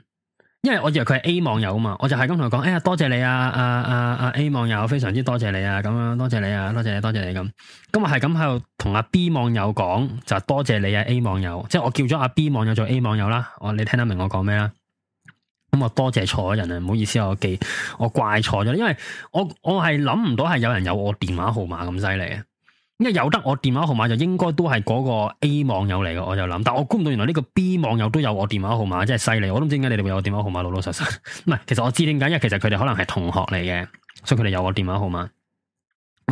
因為我以為佢係 A 網友啊嘛，我就係咁同佢講，哎呀多謝你啊，啊啊啊 A 網友非常之多謝你啊，咁樣多謝你啊，多謝多謝你咁，啊，咁我係咁喺度同阿 B 網友講，就多謝你啊 A 網友，即係我叫咗阿 B 網友做 A 網友啦，我你聽得明我講咩啦？咁我多謝錯咗人啊，唔好意思啊，我記我怪錯咗，因為我我係諗唔到係有人有我電話號碼咁犀利啊！因為有得我電話號碼就應該都係嗰個 A 網友嚟嘅，我就諗，但我估唔到原來呢個 B 網友都有我電話號碼，真係犀利！我都唔知點解你哋會有我電話號碼，老老實實。唔係，其實我知點解，因為其實佢哋可能係同學嚟嘅，所以佢哋有我電話號碼。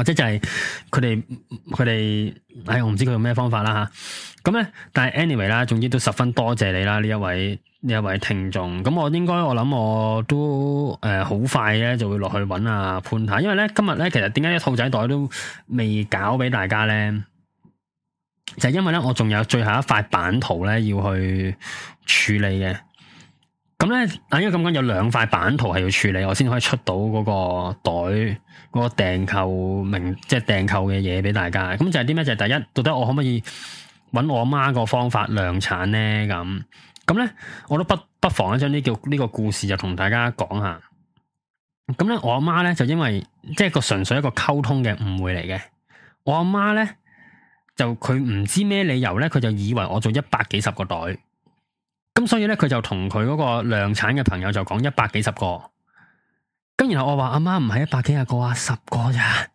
或者就係佢哋佢哋，唉、哎，我唔知佢用咩方法啦吓。咁、啊、咧，但係 anyway 啦，總之都十分多謝你啦，呢一位呢一位聽眾。咁我應該我諗我都誒好快咧就會落去揾阿、啊、潘下，因為咧今日咧其實點解啲兔仔袋都未搞俾大家咧，就係、是、因為咧我仲有最後一塊版圖咧要去處理嘅。咁咧，喺、嗯、因為咁講，有兩塊版圖係要處理，我先可以出到嗰個袋，嗰、那個訂購名，即係訂購嘅嘢俾大家。咁就係啲咩？就係第一，到底我可唔可以搵我媽個方法量產咧？咁咁咧，我都不不妨將呢個呢個故事就同大家講下。咁咧，我阿媽咧就因為即係、就是、個純粹一個溝通嘅誤會嚟嘅。我阿媽咧就佢唔知咩理由咧，佢就以為我做一百幾十個袋。咁所以咧，佢就同佢嗰個量產嘅朋友就講一百幾十個，咁然後我話阿媽唔係一百幾廿個啊，十個咋，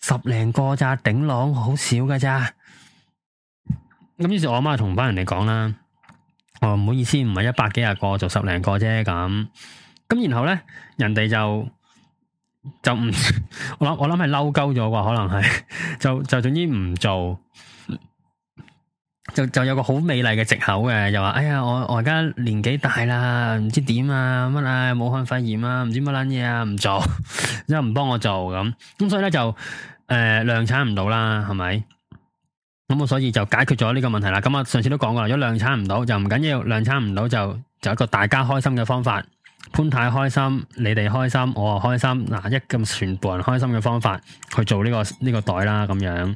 十零個咋，頂籠好少㗎咋。咁於是我阿媽同翻人哋講啦，我、哦、唔好意思，唔係一百幾廿個，就十零個啫咁。咁然後咧，人哋就就唔， 我諗我諗係嬲鳩咗啩，可能係 就就總之唔做。就就有個好美麗嘅借口嘅，就話哎呀，我我而家年紀大啦，唔知點啊乜啦、啊，武漢肺炎啊，唔知乜撚嘢啊，唔做，然之後唔幫我做咁，咁、嗯、所以咧就誒、呃、量產唔到啦，係咪？咁我所以就解決咗呢個問題啦。咁啊，上次都講過，如果量產唔到就唔緊要，要，量產唔到就就一個大家開心嘅方法。潘太，太開心，你哋開心，我啊開心，嗱、啊、一咁全部人開心嘅方法去做呢、這個呢、這個袋啦，咁樣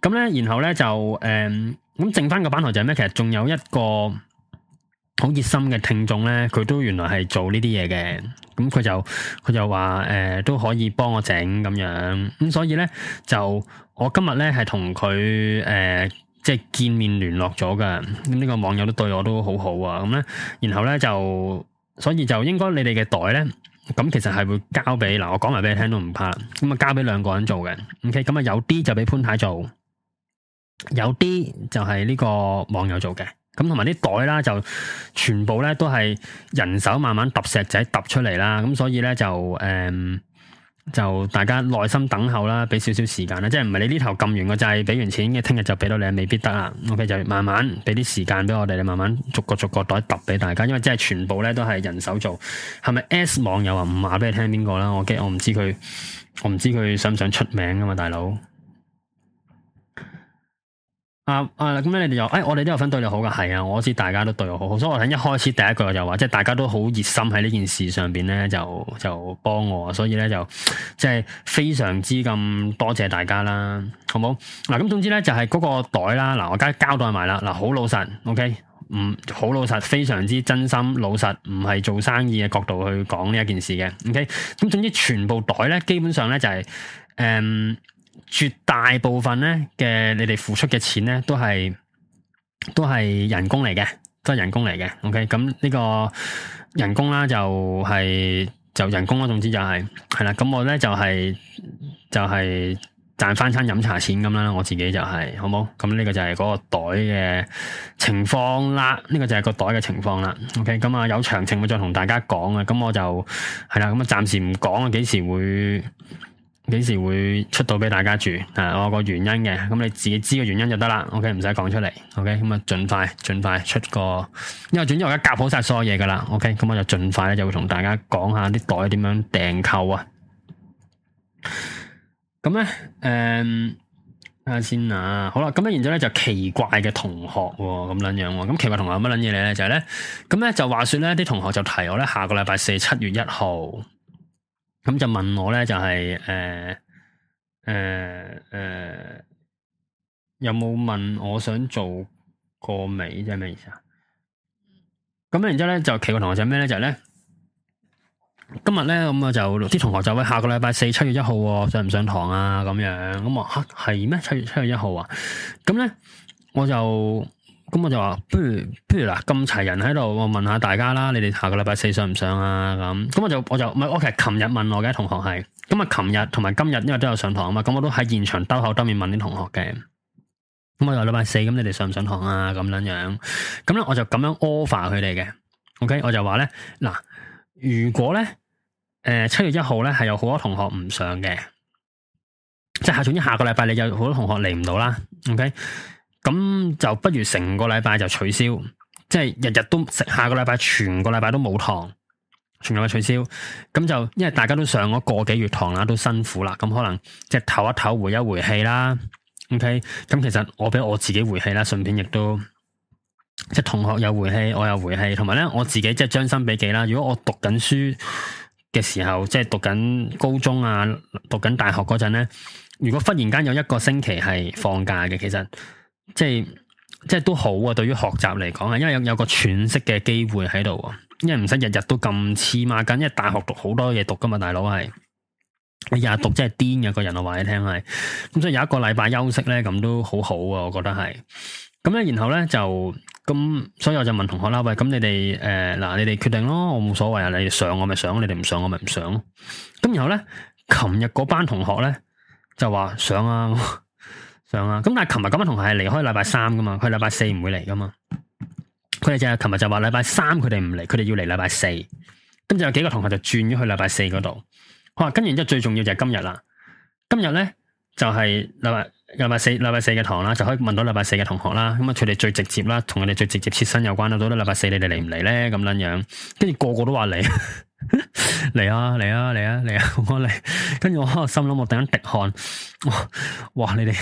咁咧，然後咧就誒，咁、呃、剩翻個版台就係咩？其實仲有一個好熱心嘅聽眾咧，佢都原來係做呢啲嘢嘅，咁、嗯、佢就佢就話誒、呃、都可以幫我整咁樣，咁、嗯、所以咧就我今日咧係同佢誒即係見面聯絡咗㗎，咁、嗯、呢、這個網友都對我都好好啊，咁咧然後咧就。所以就應該你哋嘅袋咧，咁其實係會交俾嗱，我講埋俾你聽都唔怕。咁啊，交俾兩個人做嘅，OK？咁啊，有啲就俾潘太做，有啲就係呢個網友做嘅。咁同埋啲袋啦，就全部咧都係人手慢慢揼石仔揼出嚟啦。咁所以咧就誒。嗯就大家耐心等候啦，畀少少時間啦，即係唔係你呢頭撳完個掣，畀完錢嘅聽日就畀到你，未必得啦。OK，就慢慢畀啲時間畀我哋，慢慢逐個逐個袋揼畀大家，因為即係全部咧都係人手做。係咪 S 網友啊？唔話畀你聽邊個啦，我驚我唔知佢，我唔知佢想唔想出名啊嘛，大佬。啊咁咧，啊、你哋又，誒、哎，我哋都有份對你好噶，係啊，我知大家都對我好好，所以我喺一開始第一句我就話，即係大家都好熱心喺呢件事上邊咧，就就幫我，所以咧就即係非常之咁多謝大家啦，好冇？嗱、啊，咁總之咧就係、是、嗰個袋啦，嗱、啊，我交交代埋啦，嗱、啊，好老實，OK，唔、嗯、好老實，非常之真心老實，唔係做生意嘅角度去講呢一件事嘅，OK，咁、啊、總之全部袋咧，基本上咧就係、是、誒。嗯絕大部分咧嘅你哋付出嘅錢咧，都係都係人工嚟嘅，都係人工嚟嘅。OK，咁呢個人工啦，就係，就係就人工啦。總之就係係啦。咁我咧就係、係、就係賺翻餐飲茶錢咁啦。我自己就係、係、好冇？咁呢個就係嗰個袋嘅情況啦。呢、呢個就係個袋嘅情況啦。OK，咁啊有詳情會再同大家講啊。咁我就係啦。咁啊暫時唔講啊。幾時會？幾時會出到俾大家住啊？我有個原因嘅，咁你自己知個原因就得啦。OK，唔使講出嚟。OK，咁、嗯、啊，盡快盡快出個，因為轉咗而家夾好晒所有嘢噶啦。OK，咁、嗯、我就盡快咧就會同大家講下啲袋點樣訂購啊。咁、嗯、咧，誒，睇下先啊。好啦，咁咧，然之後咧就奇怪嘅同學喎、哦，咁捻樣喎。咁奇怪同學有乜捻嘢嚟咧？就係、是、咧，咁咧就話說咧，啲同學就提我咧，下個禮拜四七月一號。咁就問我咧，就係誒誒誒，有冇問我想做過未？即係咩意思啊？咁咧，然之後咧就奇怪同學就咩咧，就係咧今日咧，咁我就啲同學就話下個禮拜四七月一號上唔上堂啊？咁樣咁啊吓係咩？七月七月一號啊？咁咧我就。咁我就話不如不如嗱，咁齊人喺度，我問下大家啦，你哋下個禮拜四上唔上啊？咁咁我就我就唔係，我其實琴日問我嘅同學係，咁啊琴日同埋今日因為都有上堂啊嘛，咁我都喺現場兜口兜面問啲同學嘅。咁我就禮拜四咁，你哋上唔上堂啊？咁樣樣咁咧，我就咁樣 offer 佢哋嘅。OK，我就話咧嗱，如果咧誒七月一號咧係有好多同學唔上嘅，即係下總之下個禮拜你有好多同學嚟唔到啦。OK。咁就不如成個禮拜就取消，即係日日都食。下個禮拜全個禮拜都冇堂，全個禮拜取消。咁就因為大家都上咗個幾月堂啦，都辛苦啦。咁可能即係唞一唞，回一回氣啦。OK，咁其實我俾我自己回氣啦，順便亦都即係同學有回氣，我有回氣。同埋咧，我自己即係將心比己啦。如果我讀緊書嘅時候，即係讀緊高中啊，讀緊大學嗰陣咧，如果忽然間有一個星期係放假嘅，其實。即係即係都好啊！對於學習嚟講啊，因為有有個喘息嘅機會喺度啊，因為唔使日日都咁黐孖筋，因為大學讀好多嘢讀噶嘛，大佬係你日日讀真係癲嘅個人啊！話你聽係，咁所以有一個禮拜休息咧，咁都好好啊！我覺得係咁咧，然後咧就咁，所以我就問同學啦喂，咁你哋誒嗱，你哋決定咯，我冇所謂啊！你哋上我咪上，你哋唔上我咪唔上咯。咁然後咧，琴日嗰班同學咧就話上啊。 咁但係琴日嗰班同學係離開禮拜三噶嘛，佢禮拜四唔會嚟噶嘛，佢哋就係琴日就話禮拜三佢哋唔嚟，佢哋要嚟禮拜四，跟住有幾個同學就轉咗去禮拜四嗰度，好啦，跟住之後最重要就係今日啦，今日咧就係禮拜。禮拜四，禮拜四嘅堂啦，就可以問到禮拜四嘅同學啦。咁啊，佢哋最直接啦，同佢哋最直接切身有關啦。到咗禮拜四，你來來，你哋嚟唔嚟咧？咁撚樣，跟住個個都話嚟，嚟 啊嚟啊嚟啊嚟啊，我嚟。跟住我心諗，我突然間滴汗，哇哇！你哋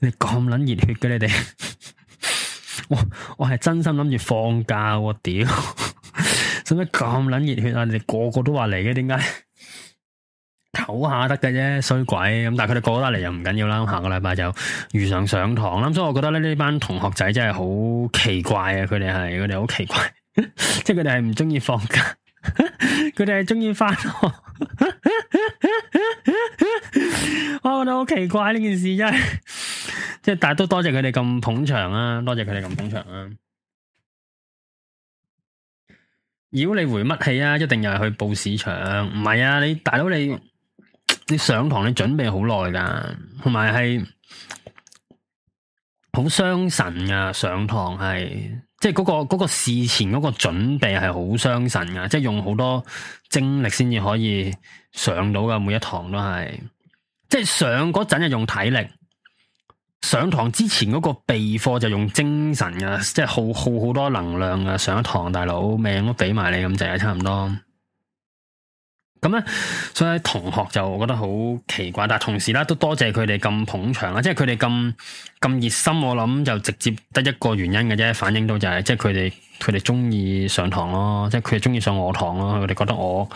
你咁撚熱血嘅你哋， 我我係真心諗住放假，我屌，使乜咁撚熱血啊？你哋個個都話嚟嘅，點解？唞下得嘅啫，衰鬼咁。但係佢哋過得嚟又唔緊要啦。咁下個禮拜就如常上堂啦。所以我覺得咧，呢班同學仔真係好奇怪啊！佢哋係，佢哋好奇怪， 即係佢哋係唔鍾意放假，佢哋係鍾意翻學。 我覺得好奇怪呢件事真，真係。即係，大家都多謝佢哋咁捧場啊！多謝佢哋咁捧場啊！妖 你回乜氣啊？一定又係去報市場？唔係啊，你大佬你。你上堂你準備好耐噶，同埋係好傷神噶。上堂係即係嗰個嗰個事前嗰個準備係好傷神噶，即係用好多精力先至可以上到噶。每一堂都係即係上嗰陣就用體力，上堂之前嗰個備課就用精神噶，即係耗耗好多能量啊！上一堂大佬命都俾埋你咁就係差唔多。咁咧，所以同學就覺得好奇怪，但係同時咧都多謝佢哋咁捧場啦，即係佢哋咁咁熱心，我諗就直接得一個原因嘅啫，反映到就係、是、即係佢哋佢哋中意上堂咯，即係佢哋中意上我堂咯，佢哋覺得我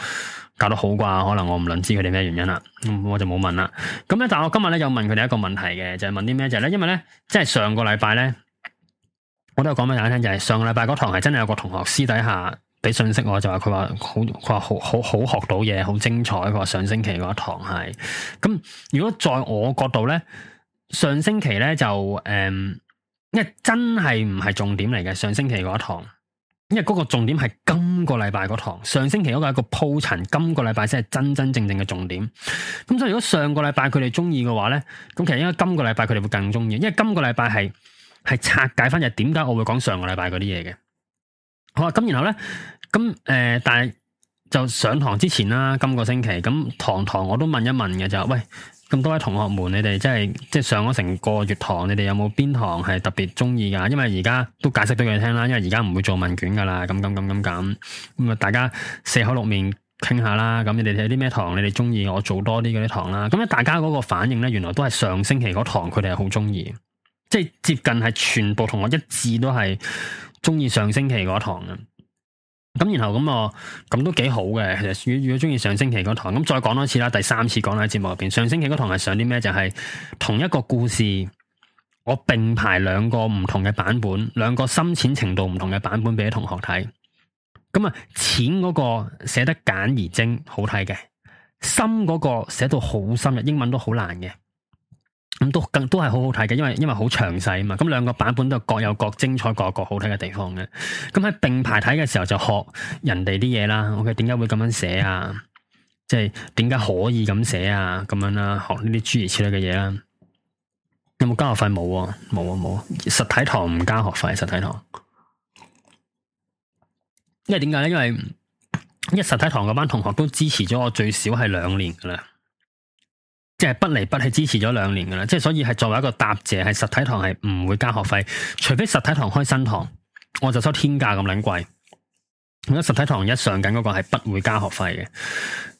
教得好啩，可能我唔諗知佢哋咩原因啦、嗯，我就冇問啦。咁咧，但係我今日咧有問佢哋一個問題嘅，就係、是、問啲咩？就係咧，因為咧，即係上個禮拜咧，我都有講俾大家聽，就係、是、上個禮拜嗰堂係真係有個同學私底下。俾信息我，就話佢，話好，佢話好好好，學到嘢，好精彩。佢話上星期嗰堂係咁，如果在我角度咧，上星期咧，就誒，因為真係唔係重點嚟嘅上星期嗰堂，因為嗰個重點係今個禮拜嗰堂，上星期嗰個係一個鋪陳，今個禮拜先係真真正正嘅重點。咁所以如果上個禮拜佢哋中意嘅話咧，咁其實應該今個禮拜佢哋會更中意，因為今個禮拜係係拆解翻，就點解我會講上個禮拜嗰啲嘢嘅。好，咁然後咧。咁誒、呃，但係就上堂之前啦，今個星期咁堂堂我都問一問嘅就，喂，咁多位同學們，你哋即係即係上咗成個月堂，你哋有冇邊堂係特別中意噶？因為而家都解釋俾佢聽啦，因為而家唔會做問卷噶啦，咁咁咁咁咁，咁啊大家四口六面傾下啦，咁你哋睇啲咩堂，你哋中意我做多啲嗰啲堂啦。咁咧大家嗰個反應咧，原來都係上星期嗰堂，佢哋係好中意，即係接近係全部同我一致都係中意上星期嗰堂嘅。咁然後咁啊，咁都幾好嘅，如果中意上星期嗰堂，咁再講多次啦，第三次講喺節目入邊。上星期嗰堂係上啲咩？就係、是、同一個故事，我並排兩個唔同嘅版本，兩個深淺程度唔同嘅版本俾同學睇。咁、嗯、啊，淺嗰個寫得簡而精，好睇嘅；深嗰個寫到好深入，英文都好難嘅。咁都更都係好好睇嘅，因為因為好詳細啊嘛。咁兩個版本都有各有各精彩，各有各好睇嘅地方嘅。咁喺並排睇嘅時候就學人哋啲嘢啦。OK，點解會咁樣寫啊？即係點解可以咁寫啊？咁樣啦，啊，學呢啲諸如此類嘅嘢啦。有冇交學費？冇啊，冇啊，冇啊！實體堂唔交學費，實體堂。因為點解咧？因為因為實體堂嗰班同學都支持咗我最少係兩年噶啦。即係不離不棄支持咗兩年噶啦，即係所以係作為一個答謝，係實體堂係唔會加學費，除非實體堂開新堂，我就收天價咁捻貴。如果實體堂一上緊嗰個係不會加學費嘅。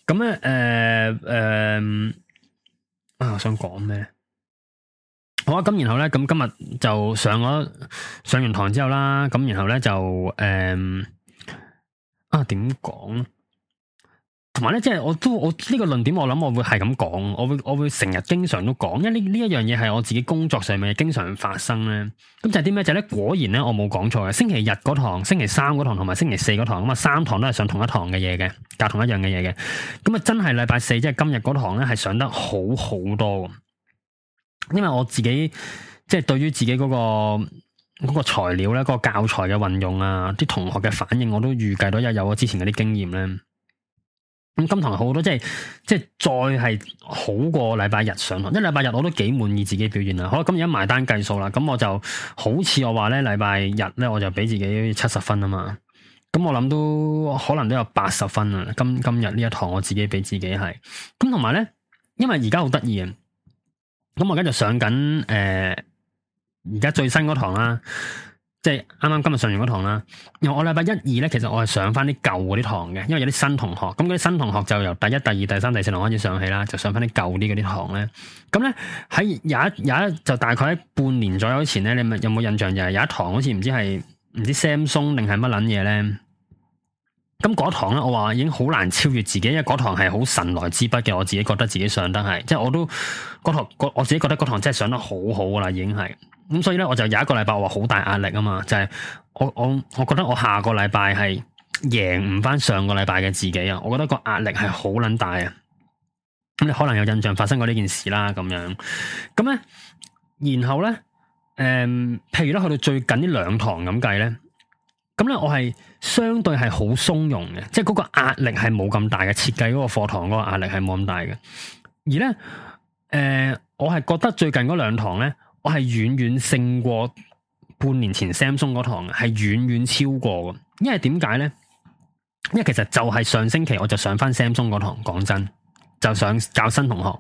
咁咧，誒、呃、誒、呃、啊，我想講咩？好啊，咁然後咧，咁今日就上咗上完堂之後啦，咁然後咧就誒、呃、啊點講？同埋咧，即係我都我呢個論點，我諗我會係咁講，我會我會成日經常都講，因為呢呢一樣嘢係我自己工作上面經常發生咧。咁就係啲咩？就係咧果然咧，我冇講錯嘅。星期日嗰堂，星期三嗰堂同埋星期四嗰堂，咁啊三堂都係上同一堂嘅嘢嘅，教同一樣嘅嘢嘅。咁啊，真係禮拜四即係今日嗰堂咧，係上得好好多。因為我自己即係對於自己嗰個嗰個材料咧，嗰個教材嘅運用啊，啲同學嘅反應，我都預計到，一有我之前嗰啲經驗咧。咁今堂好多，即係即係再係好過禮拜日上堂，一禮拜日我都幾滿意自己表現啦。好啦咁而家埋單計數啦，咁我就好似我話咧，禮拜日咧我就俾自己七十分啊嘛，咁我諗都可能都有八十分啊。今今日呢一堂我自己俾自己係，咁同埋咧，因為而家好得意啊，咁我而家就上緊誒而家最新嗰堂啦。即係啱啱今日上完嗰堂啦，因為我禮拜一二咧，其實我係上翻啲舊嗰啲堂嘅，因為有啲新同學，咁嗰啲新同學就由第一、第二、第三、第四堂開始上起啦，就上翻啲舊啲嗰啲堂咧。咁咧喺有一、有一就大概喺半年左右前咧，你咪有冇印象？就係有一堂好似唔知係唔知 Samsung 定係乜捻嘢咧？咁嗰堂咧，我話已經好難超越自己，因為嗰堂係好神來之筆嘅，我自己覺得自己上得係，即係我都嗰堂，我自己覺得嗰堂真係上得好好噶啦，已經係。咁所以咧，我就有一個禮拜話好大壓力啊嘛，就係、是、我我我覺得我下個禮拜係贏唔翻上個禮拜嘅自己啊，我覺得個壓力係好撚大啊！咁你可能有印象發生過呢件事啦，咁樣咁咧，然後咧，誒、呃，譬如咧去到最近兩呢兩堂咁計咧，咁咧我係相對係好鬆容嘅，即係嗰個壓力係冇咁大嘅，設計嗰個課堂個壓力係冇咁大嘅。而咧，誒、呃，我係覺得最近嗰兩堂咧。我係遠遠勝過半年前 Samsung 嗰堂，係遠遠超過嘅。因為點解咧？因為其實就係上星期我就上翻 Samsung 嗰堂，講真就想教新同學。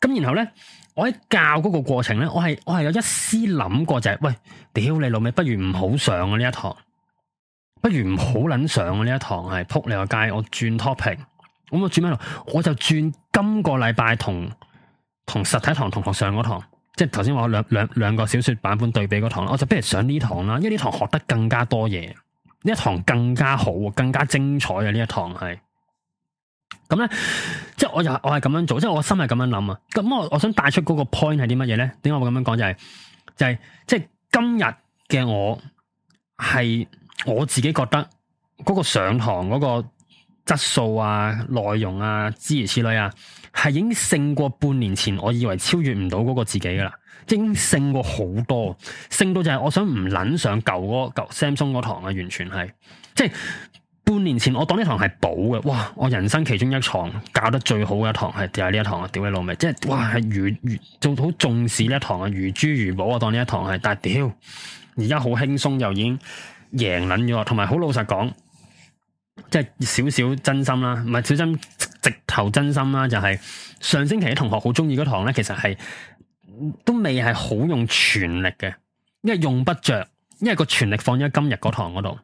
咁然後咧，我喺教嗰個過程咧，我係我係有一絲諗過就係、是，喂，屌你老味，不如唔好上啊呢一堂，不如唔好捻上啊呢一堂，係撲你個街，我轉 topic。咁我轉咩路？我就轉今個禮拜同同實體堂同學上嗰堂。即係頭先我兩兩兩個小說版本對比嗰堂，我就不如上呢堂啦，因為呢堂學得更加多嘢，呢一堂更加好，更加精彩嘅、啊、呢一堂係咁咧。即係我又我係咁樣做，即係我心係咁樣諗啊。咁我我想帶出嗰個 point 係啲乜嘢咧？點解我咁樣講就係、是、就係即係今日嘅我係我自己覺得嗰個上堂嗰個質素啊、內容啊、諸如此類啊。係已經勝過半年前，我以為超越唔到嗰個自己噶啦，即係已經勝過好多，勝到就係我想唔捻上舊嗰舊 Samsung 嗰堂啊，完全係即係半年前我當呢堂係寶嘅，哇！我人生其中一堂教得最好嘅一堂係就係、是、呢一堂啊，屌你老味，即係哇係如如做好重視呢一堂啊，如珠如寶啊，當呢一堂係，但係屌而家好輕鬆又已經贏捻咗，同埋好老實講，即係少少真心啦，唔係少真心。直頭真心啦，就係上星期啲同學好中意嗰堂咧，其實係都未係好用全力嘅，因為用不着，因為個全力放咗今日嗰堂嗰度。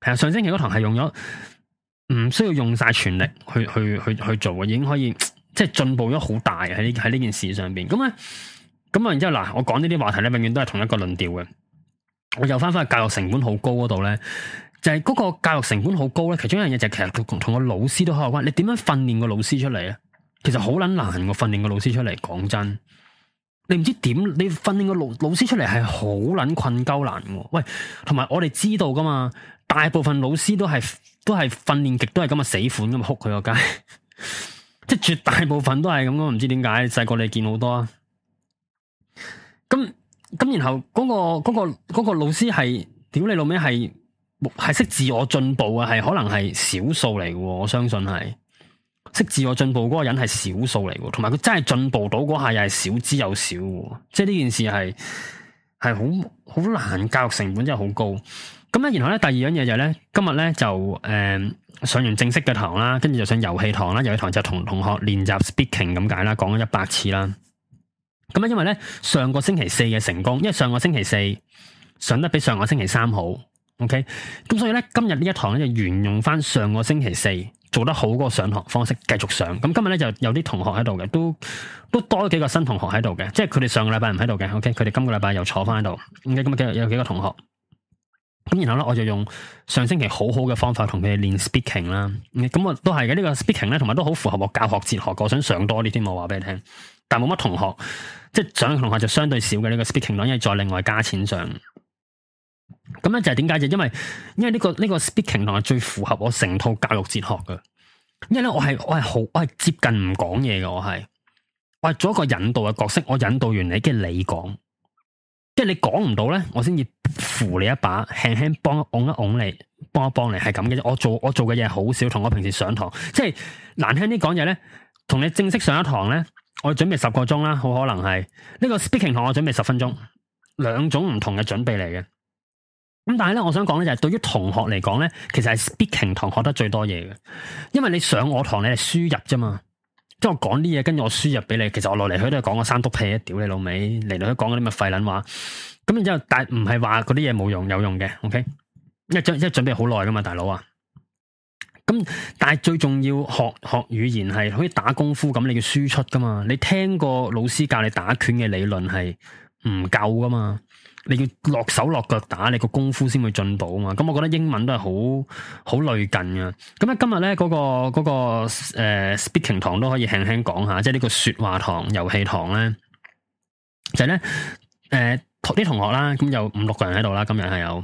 其實上星期嗰堂係用咗唔需要用晒全力去去去去做嘅，已經可以即係進步咗好大喺喺呢件事上邊。咁咧，咁啊，然之後嗱，我講呢啲話題咧，永遠都係同一個論調嘅。我又翻翻去教育成本好高嗰度咧。就係嗰個教育成本好高咧，其中一樣嘢就係其實同個老師都好有關。你點樣訓練個老師出嚟咧？其實好捻難個訓練個老師出嚟，講真。你唔知點你訓練個老老師出嚟係好捻困鳩難嘅。喂，同埋我哋知道噶嘛？大部分老師都係都係訓練極都係咁嘅死款，咁啊哭佢個街。即 係絕大部分都係咁咯，唔知點解細個你見好多啊。咁咁然後嗰、嗰個、嗰個、嗰個老師係點？你老尾係？係識自我進步啊，係可能係少數嚟嘅，我相信係識自我進步嗰個人係少數嚟嘅，同埋佢真係進步到嗰下又係少之又少嘅，即係呢件事係係好好難教育，成本真係好高。咁咧，然後咧，第二樣嘢就係咧，今日咧就誒、呃、上完正式嘅堂啦，跟住就上遊戲堂啦，遊戲堂就同同學練習 speaking 咁解啦，講咗一百次啦。咁咧，因為咧上個星期四嘅成功，因為上個星期四上得比上個星期三好。OK，咁所以咧，今日呢一堂咧就沿用翻上個星期四做得好嗰個上堂方式繼續上。咁、嗯、今日咧就有啲同學喺度嘅，都都多咗幾個新同學喺度嘅，即係佢哋上個禮拜唔喺度嘅。OK，佢哋今個禮拜又坐翻喺度。咁、嗯、啊，今日有幾個同學？咁、嗯、然後咧，我就用上星期好好嘅方法同佢哋練 speaking 啦、嗯。咁、嗯、我都係嘅呢個 speaking 咧，同埋都好符合我教學哲學。我想上多啲添，我話俾你聽。但冇乜同學，即係上嘅同學就相對少嘅呢、這個 speaking 啦，因為再另外加錢上。咁咧就係點解啫？因為因為呢個呢個 speaking 堂係最符合我成套教育哲學噶因為咧我係我係好我係接近唔講嘢噶我係我係做一個引導嘅角色。我引導完你，跟住你講，即係你講唔到咧，我先至扶你一把，輕輕幫一拱一拱你，幫一幫你係咁嘅啫。我做我做嘅嘢好少，同我平時上堂即係難聽啲講嘢咧，同你正式上一堂咧，我準備十個鐘啦，好可能係呢個 speaking 堂我準備十分鐘，兩種唔同嘅準備嚟嘅。咁、嗯、但係咧，我想講咧，就係、是、對於同學嚟講咧，其實係 speaking 堂學，學得最多嘢嘅，因為你上我堂你係輸入啫嘛，即、就、係、是、我講啲嘢，跟住我輸入俾你。其實我落嚟去都係講個三督屁，屌你老味，嚟嚟去去講嗰啲咁嘅廢捻話。咁然之後，但係唔係話嗰啲嘢冇用，有用嘅，OK。因為準備好耐噶嘛，大佬啊。咁但係最重要，學學語言係好似打功夫咁，你要輸出噶嘛。你聽個老師教你打拳嘅理論係唔夠噶嘛。你要落手落腳打，你個功夫先會進步嘛。咁我覺得英文都係好好累近嘅。咁咧今日咧嗰個嗰個誒 speaking 堂都可以輕輕講下，即係呢個說話堂、遊戲堂咧就係咧誒啲同學啦。咁有五六個人喺度啦，今日係有。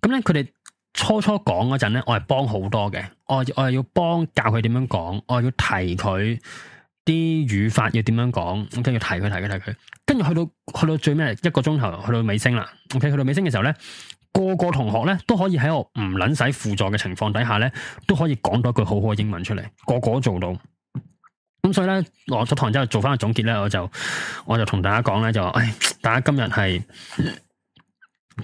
咁咧佢哋初初講嗰陣咧，我係幫好多嘅。我我係要幫教佢點樣講，我要提佢。啲語法要點樣講？跟住提佢，提佢，提佢。跟住去到去到最尾一個鐘頭，去到尾聲啦。OK，去到尾聲嘅時候咧，個個同學咧都可以喺我唔撚使輔助嘅情況底下咧，都可以講到一句好好嘅英文出嚟。個個都做到。咁所以咧，落咗堂之後做翻個總結咧，我就我就同大家講咧，就，大家今日係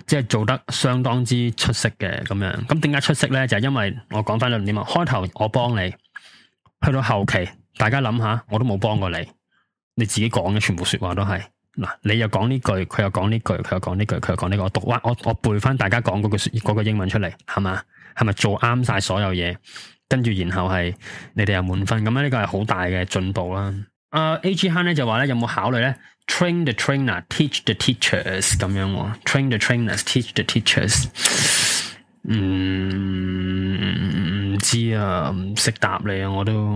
即係做得相當之出色嘅咁樣。咁點解出色咧？就係因為我講翻兩點啊。開頭我幫你，去到後期。大家諗下，我都冇幫過你，你自己講嘅全部說話都係嗱，你又講呢句，佢又講呢句，佢又講呢句，佢又講呢句，我讀，我我背翻大家講嗰句嗰個英文出嚟，係嘛？係咪做啱晒所有嘢？跟住然後係你哋又滿分，咁啊呢個係好大嘅進步啦。啊、uh,，A G h a n A G Khan 咧就話咧有冇考慮咧，train the trainer，teach the teachers 咁樣，train the trainers，teach the teachers。嗯。知啊，唔識答你啊，我都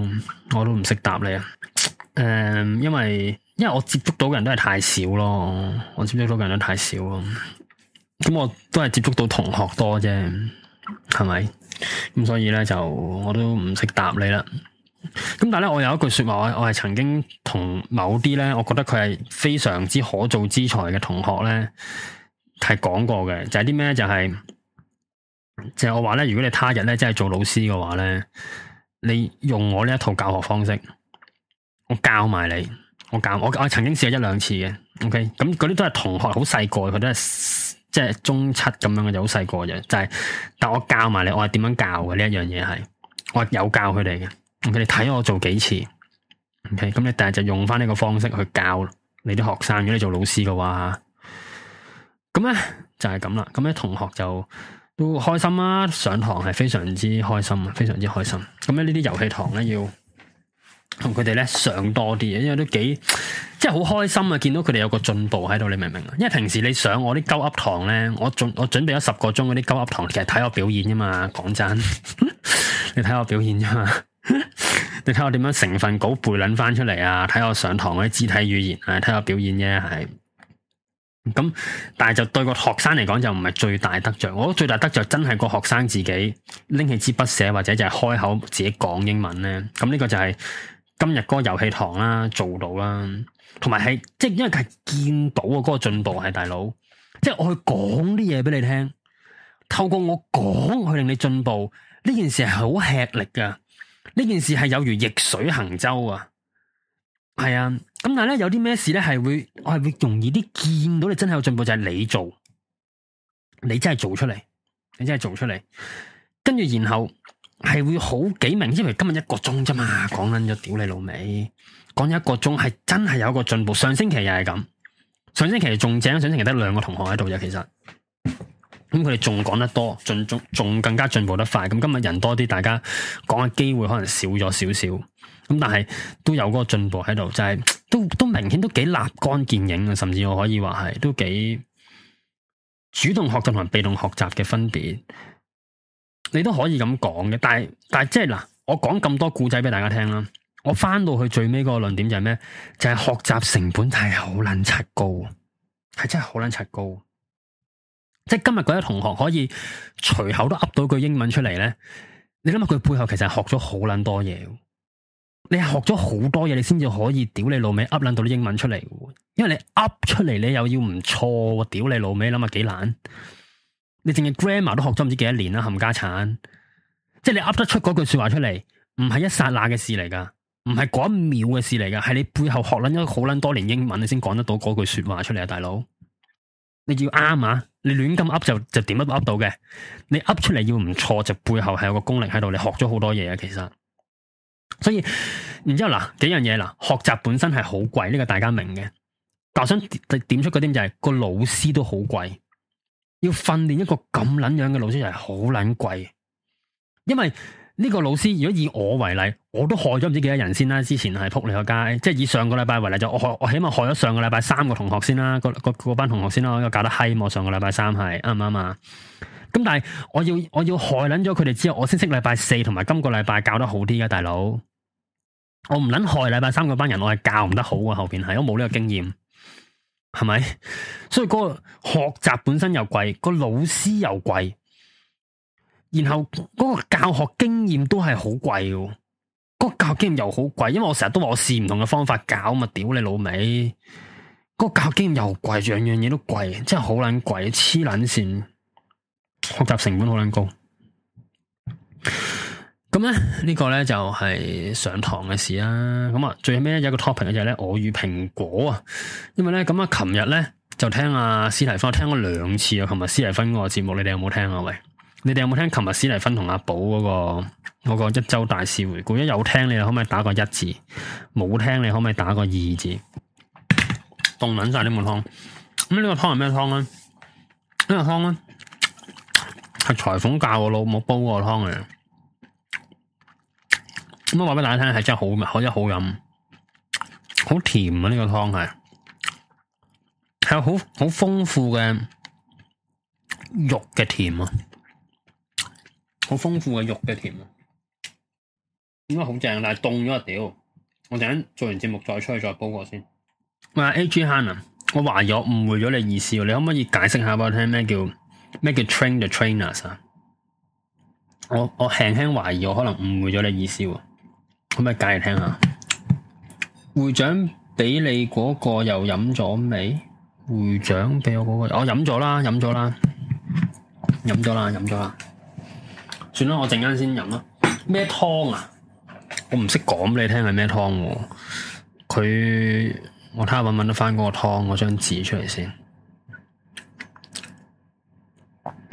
我都唔識答你啊。誒、嗯，因為因為我接觸到嘅人都係太少咯，我接觸到嘅人都太少咯。咁我都係接觸到同學多啫，係咪？咁所以咧就我都唔識答你啦。咁但係咧，我有一句說話，我係曾經同某啲咧，我覺得佢係非常之可造之材嘅同學咧，係講過嘅，就係啲咩就係、是。就係我話咧，如果你他日咧真係做老師嘅話咧，你用我呢一套教學方式，我教埋你，我教我我曾經試過一兩次嘅，OK，咁嗰啲都係同學，好細個，佢都係即係中七咁樣嘅，就好細個嘅，就係，但係我教埋你，我係點樣教嘅呢一樣嘢係，我有教佢哋嘅，佢哋睇我做幾次，OK，咁你第日就用翻呢個方式去教你啲學生，如果你做老師嘅話，咁咧就係咁啦，咁咧同學就。都開心啊！上堂係非常之開心啊，非常之開心。咁咧呢啲遊戲堂咧要同佢哋咧上多啲，因為都幾即係好開心啊！見到佢哋有個進步喺度，你明唔明啊？因為平時你上我啲鳩噏堂咧，我準我準備咗十個鐘嗰啲鳩噏堂，其實睇我表演啫嘛。講真， 你睇我表演啫嘛， 你睇我點樣成份稿背撚翻出嚟啊？睇我上堂嗰啲肢體語言啊，睇我表演啫。係。咁，但係就對個學生嚟講就唔係最大得着。我覺得最大得着真係個學生自己拎起支筆寫，或者就係開口自己講英文咧。咁呢個就係今日嗰個遊戲堂啦，做到啦，同埋係即係因為佢係見到啊，嗰個進步係大佬。即係我去講啲嘢俾你聽，透過我講去令你進步，呢件事係好吃力噶，呢件事係有如逆水行舟啊，係啊。咁但係咧，有啲咩事咧係會，我係會容易啲見到你真係有進步就係、是、你做，你真係做出嚟，你真係做出嚟，跟住然後係會好幾名，因為今日一個鐘啫嘛，講緊咗屌你老味，講一個鐘係真係有一個進步。上星期又係咁，上星期仲正，上星期得兩個同學喺度啫，其實，咁佢哋仲講得多，進進仲更加進步得快。咁今日人多啲，大家講嘅機會可能少咗少少。咁但係都有嗰個進步喺度，就係、是、都都明顯都幾立竿見影嘅，甚至我可以話係都幾主動學習同被動學習嘅分別，你都可以咁講嘅。但係但係即係嗱、啊，我講咁多故仔俾大家聽啦，我翻到去最尾嗰個論點就係咩？就係、是、學習成本太好撚刷高，係真係好撚刷高。即係今日嗰啲同學可以隨口都噏到句英文出嚟咧，你諗下佢背後其實係學咗好撚多嘢。你學咗好多嘢，你先至可以屌你老味，噏捻到啲英文出嚟。因為你噏出嚟你又要唔錯，屌你老味，諗下幾難。你淨係 grammar 都學咗唔知幾多年啦，冚家鏟。即係你噏得出嗰句說話出嚟，唔係一剎那嘅事嚟噶，唔係嗰一秒嘅事嚟噶，係你背後學捻咗好捻多年英文，你先講得到嗰句說話出嚟啊，大佬。你要啱啊，你亂咁噏就就點都噏到嘅。你噏出嚟要唔錯，就背後係有個功力喺度，你學咗好多嘢啊，其實。所以，然之後嗱，幾樣嘢嗱，學習本身係好貴，呢個大家明嘅。但我想點出嗰啲就係個老師都好貴，要訓練一個咁捻樣嘅老師就係好捻貴。因為呢個老師如果以我為例，我都害咗唔知幾多人先啦。之前係扑你個街，即係以上個禮拜為例就我，我起碼害咗上個禮拜三個同學先啦，個班同學先啦，因為搞得嗨我上個禮拜三係啱唔啱啊？對咁但係我要我要害捻咗佢哋之後，我先識禮拜四同埋今個禮拜教得好啲嘅大佬。我唔捻害禮拜三嗰班人，我係教唔得好嘅、啊、後邊係，我冇呢個經驗，係咪？所以嗰個學習本身又貴，個老師又貴，然後嗰個教學經驗都係好貴，個教學經驗又好貴，因為我成日都話我試唔同嘅方法搞嘛，那個、屌你老味，個教學經驗又貴，樣樣嘢都貴，真係好捻貴，黐捻線。學習成本好撚高，咁咧呢、這個咧就係上堂嘅事啦。咁啊，最尾咧有一個 topic 就係咧我與蘋果啊，因為咧咁啊，琴日咧就聽阿史提芬聽咗兩次啊，琴日史提芬嗰個節目，你哋有冇聽啊？喂，你哋有冇聽琴日史提芬同阿寶嗰、那個嗰個一周大事回顧？一有聽你哋可唔可以打個一字，冇聽你可唔可以打個二字？凍捻晒啲碗湯，咁呢、這個湯係咩湯啊？呢個湯咧？係裁縫教我老母煲個湯嚟。咁我話俾大家聽係真係好，真好真好飲，好甜啊！呢、這個湯係，係好好豐富嘅肉嘅甜啊，好豐富嘅肉嘅甜啊，應該好正，但係凍咗啊！屌，我陣間做完節目再出去再煲個先。喂、啊，AG Han 我話咗，誤會咗你意思，你可唔可以解釋下俾我聽咩叫？咩叫 train the trainers 啊？我我輕輕懷疑，我可能誤會咗你意思喎。咁咪解嚟聽下。會長畀你嗰個又飲咗未？會長畀我嗰個，我飲咗啦，飲咗啦，飲咗啦，飲咗啦。算啦，我陣間先飲啦。咩湯啊？我唔識講畀你聽係咩湯喎。佢，我睇下搵唔搵得翻嗰個湯嗰張紙出嚟先。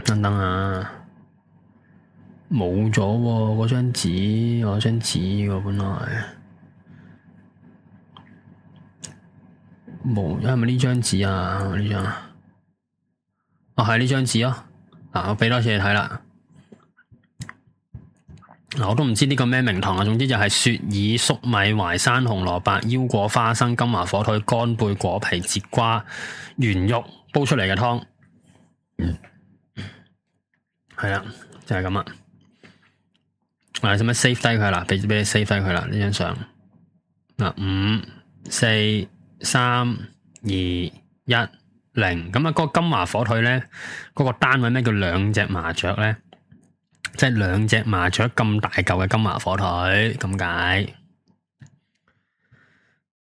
等等啊，冇咗嗰張紙，嗰張紙個本來冇，係咪呢張紙啊？呢張啊，哦係呢張紙啊？嗱，我畀多謝你睇啦。嗱，我都唔知呢個咩名堂啊。總之就係雪耳、粟米、淮山、紅蘿蔔、腰果、花生、金華火腿、乾貝、果皮、節瓜、圓肉煲出嚟嘅湯。嗯係啦，就係咁啊！我哋使咪 save 低佢啦，俾俾你 save 低佢啦呢張相。嗱，五、四、三、二、一、零，咁啊，嗰個金華火腿咧，嗰個單位咧叫兩隻麻雀咧？即係兩隻麻雀咁大嚿嘅金華火腿咁解？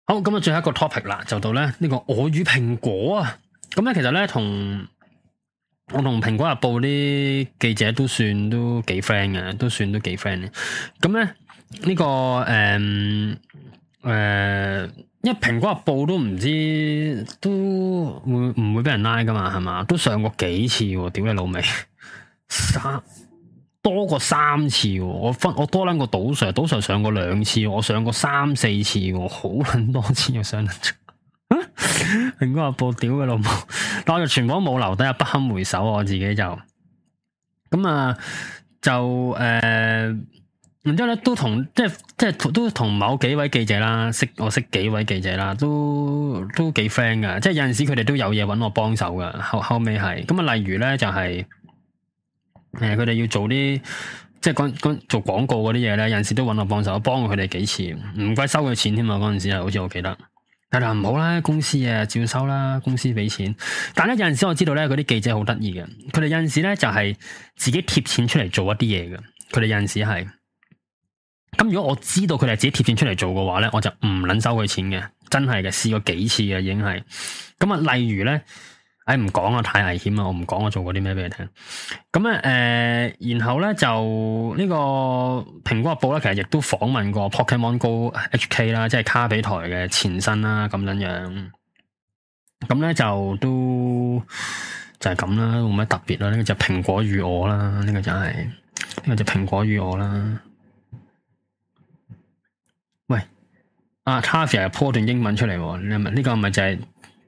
好，咁啊，最後一個 topic 啦，就到咧呢個我與蘋果啊。咁咧，其實咧同。我同蘋果日報啲記者都算都幾 friend 嘅，都算都幾 friend 嘅。咁咧呢、呢個誒誒、嗯嗯，因為蘋果日報都唔知都會唔會俾人拉噶嘛？係嘛？都上過幾次？屌你老味三多過三次？我分我多撚過賭 Sir 賭 Sir，上過兩次，我上過三四次，我好撚多次要上。蘋果日報屌嘅老母，我哋全部都冇留低，啊，不堪回首，我自己就咁啊，就誒，然之後咧都同即係即係都同某幾位記者啦，識我識幾位記者啦，都都幾 friend 嘅，即係有陣時佢哋都有嘢揾我幫手嘅，后後尾係咁啊，例如咧就係、係、誒，佢、呃、哋要做啲即係講做廣告嗰啲嘢咧，有陣時都揾我幫手，幫佢哋幾次，唔該收佢錢添啊！嗰陣時係好似我記得。係啦，唔好啦，公司啊照收啦，公司俾錢。但係咧有陣時我知道咧，嗰啲記者好得意嘅，佢哋有陣時咧就係自己貼錢出嚟做一啲嘢嘅。佢哋有陣時係，咁如果我知道佢哋係自己貼錢出嚟做嘅話咧，我就唔捻收佢錢嘅，真係嘅，試過幾次嘅已經係。咁啊，例如咧。唉，唔講啊，太危險啦！我唔講我做過啲咩畀你聽。咁咧，誒、呃，然後咧就呢、這個蘋果日報咧，其實亦都訪問過 Pokemon Go HK 啦，即係卡比台嘅前身、就是、啦，咁樣樣。咁咧就都就係咁啦，冇乜特別啦。呢個就係蘋果與我啦，呢、這個就係、是、呢、這個就蘋果與我啦。喂，阿 Tashi 又 po 段英文出嚟，你、這、唔、個就是？呢個咪就係？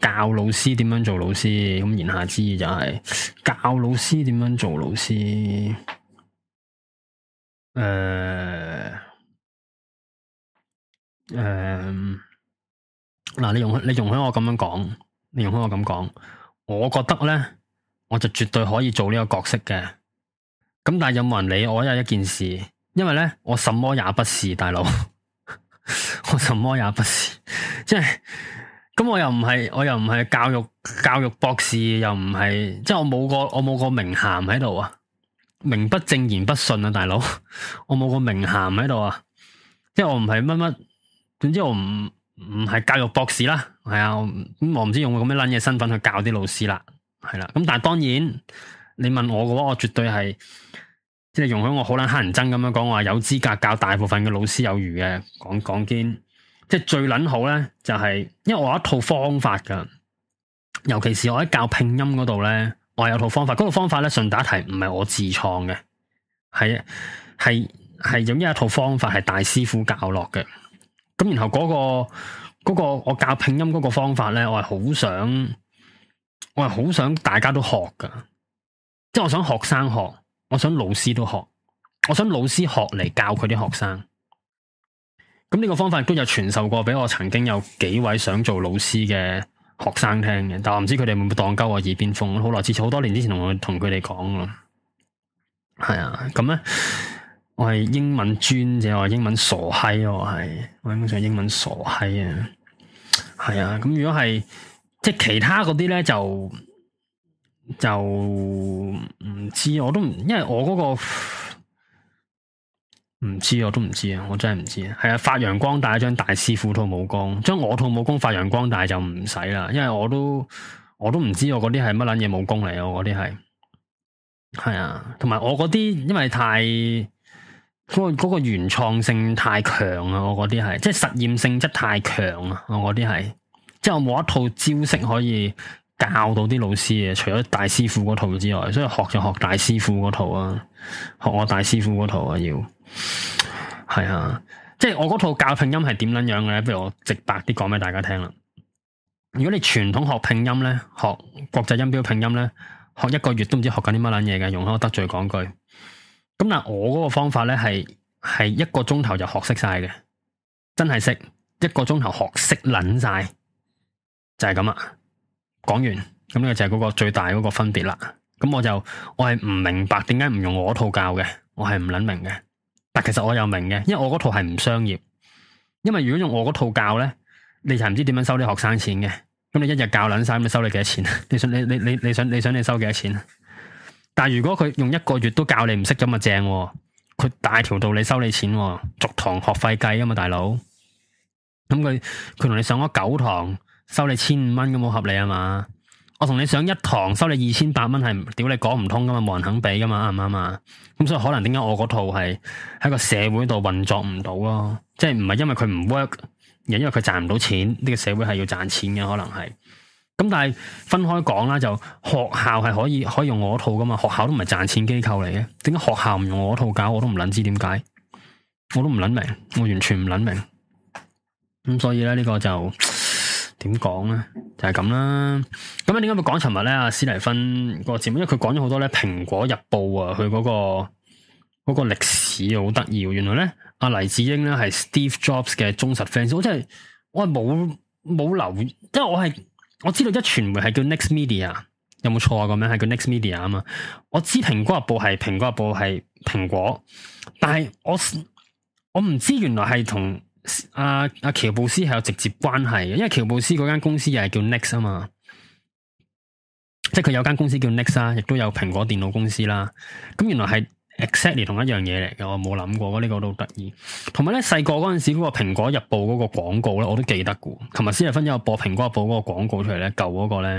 教老師點樣做老師，咁言下之意就係、是、教老師點樣做老師。誒、呃、誒，嗱、呃，你容許你容許我咁樣講，你容許我咁講，我覺得咧，我就絕對可以做呢個角色嘅。咁但係有冇人理我？有一件事，因為咧，我什麼也不是，大佬， 我什麼也不是，即 係。咁我又唔係，我又唔係教育教育博士，又唔係，即係我冇個我冇個名銜喺度啊！名不正言不順啊，大佬，我冇個名銜喺度啊！即係我唔係乜乜，總之我唔唔係教育博士啦，係啊，我唔知用個咁樣捻嘢身份去教啲老師啦，係啦、啊。咁但係當然，你問我嘅話，我絕對係即係容許我好捻乞人憎咁樣講，話有資格教大部分嘅老師有餘嘅，講講堅。即係最捻好咧，就是，就係因為我有一套方法噶，尤其是我喺教拼音嗰度咧，我有套方法。嗰個方法咧，順帶一提，唔係我自創嘅，係係係有一套方法係、那個、大師傅教落嘅。咁然後嗰、那個嗰、那個我教拼音嗰個方法咧，我係好想我係好想大家都學噶，即、就、係、是、我想學生學，我想老師都學，我想老師學嚟教佢啲學生。咁呢個方法，都有傳授過俾我曾經有幾位想做老師嘅學生聽嘅，但係我唔知佢哋會唔會當鳩我耳邊風。好耐之前，好多年之前我，同同佢哋講咯，係啊。咁咧，我係英文專啫，我英文傻閪，我係，我應該算英文傻閪啊。係啊。咁如果係即係其他嗰啲咧，就就唔知我都唔，因為我嗰個。唔知我都唔知啊，我真係唔知啊。係啊，發揚光大一張大師傅套武功，將我套武功發揚光大就唔使啦，因為我都我都唔知我嗰啲係乜撚嘢武功嚟。我嗰啲係，係啊，同埋我嗰啲因為太嗰嗰、嗰個嗰個原創性太強啊，我嗰啲係即係實驗性質太強啊，我嗰啲係即係我冇一套招式可以教到啲老師啊。除咗大師傅嗰套之外，所以學就學大師傅嗰套啊，學我大師傅嗰套啊要套啊。係啊，即係我嗰套教拼音係點撚樣嘅咧？不如我直白啲講俾大家聽啦。如果你傳統學拼音咧，學國際音標拼音咧，學一個月都唔知學緊啲乜撚嘢嘅，容許我得罪講句。咁但我嗰個方法咧，係係一個鐘頭就學識晒嘅，真係識一個鐘頭學識撚晒，就係咁啊。講完咁呢個就係嗰個最大嗰個分別啦。咁我就我係唔明白點解唔用我套教嘅，我係唔撚明嘅。但其實我又明嘅，因為我嗰套係唔商業，因為如果用我嗰套教咧，你就唔知點樣收啲學生的錢嘅。咁你一日教兩三，咁你收你幾多錢？你想你你你你想你想你收幾多錢啊？但係如果佢用一個月都教你唔識咁啊正，佢大條道理收你錢，逐堂學費計啊嘛，大佬。咁佢佢同你上咗九堂，收你千五蚊咁好合理啊嘛？我同你上一堂收你二千八蚊係，屌你講唔通噶嘛，冇人肯俾噶嘛，啱唔啱啊？咁所以可能點解我嗰套係喺個社會度運作唔到咯？即係唔係因為佢唔 work，而係因為佢賺唔到錢。呢個社會係要賺錢嘅，可能係。咁但係分開講啦，就學校係可以可以用我套噶嘛？學校都唔係賺錢機構嚟嘅，點解學校唔用我套搞？我都唔捻知點解，我都唔捻明，我完全唔捻明。咁所以咧，呢、這個就。點講咧，就係咁啦。咁你點解會講尋日咧？阿史提芬個節目，因為佢講咗好多咧，《蘋果日報》啊，佢嗰個嗰個歷史好得意。原來咧，阿黎智英咧係 Steve Jobs 嘅忠實 fans。我真係我係冇冇留，因為我係我知道壹傳媒係叫 Next Media，有冇錯啊？個名係叫 Next Media 啊嘛。我知《蘋果日報》係《蘋果日報》係蘋果，但係我我唔知原來係同。阿阿喬布斯係有直接關係，因為喬布斯嗰間公司又係叫 Next 啊嘛，即係佢有間公司叫 Next 啦，啊，亦都有蘋果電腦公司啦，啊。咁、啊、原來係 Excite 同一樣嘢嚟嘅，我冇諗過，這個、呢個都得意。同埋咧，細個嗰陣時嗰個蘋果日報嗰個廣告咧，我都記得嘅。琴日施麗芬有播蘋果日報嗰個廣告出嚟咧，舊嗰個咧，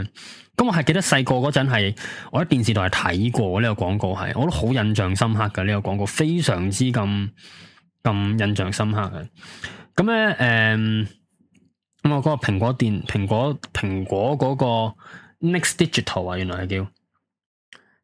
咁我係記得細個嗰陣係我喺電視台係睇過呢、這個廣告，係我都好印象深刻嘅呢、這個廣告，非常之咁。咁印象深刻嘅，咁咧誒，咁我嗰個蘋果電蘋果蘋果嗰個 Next Digital 啊，原來係叫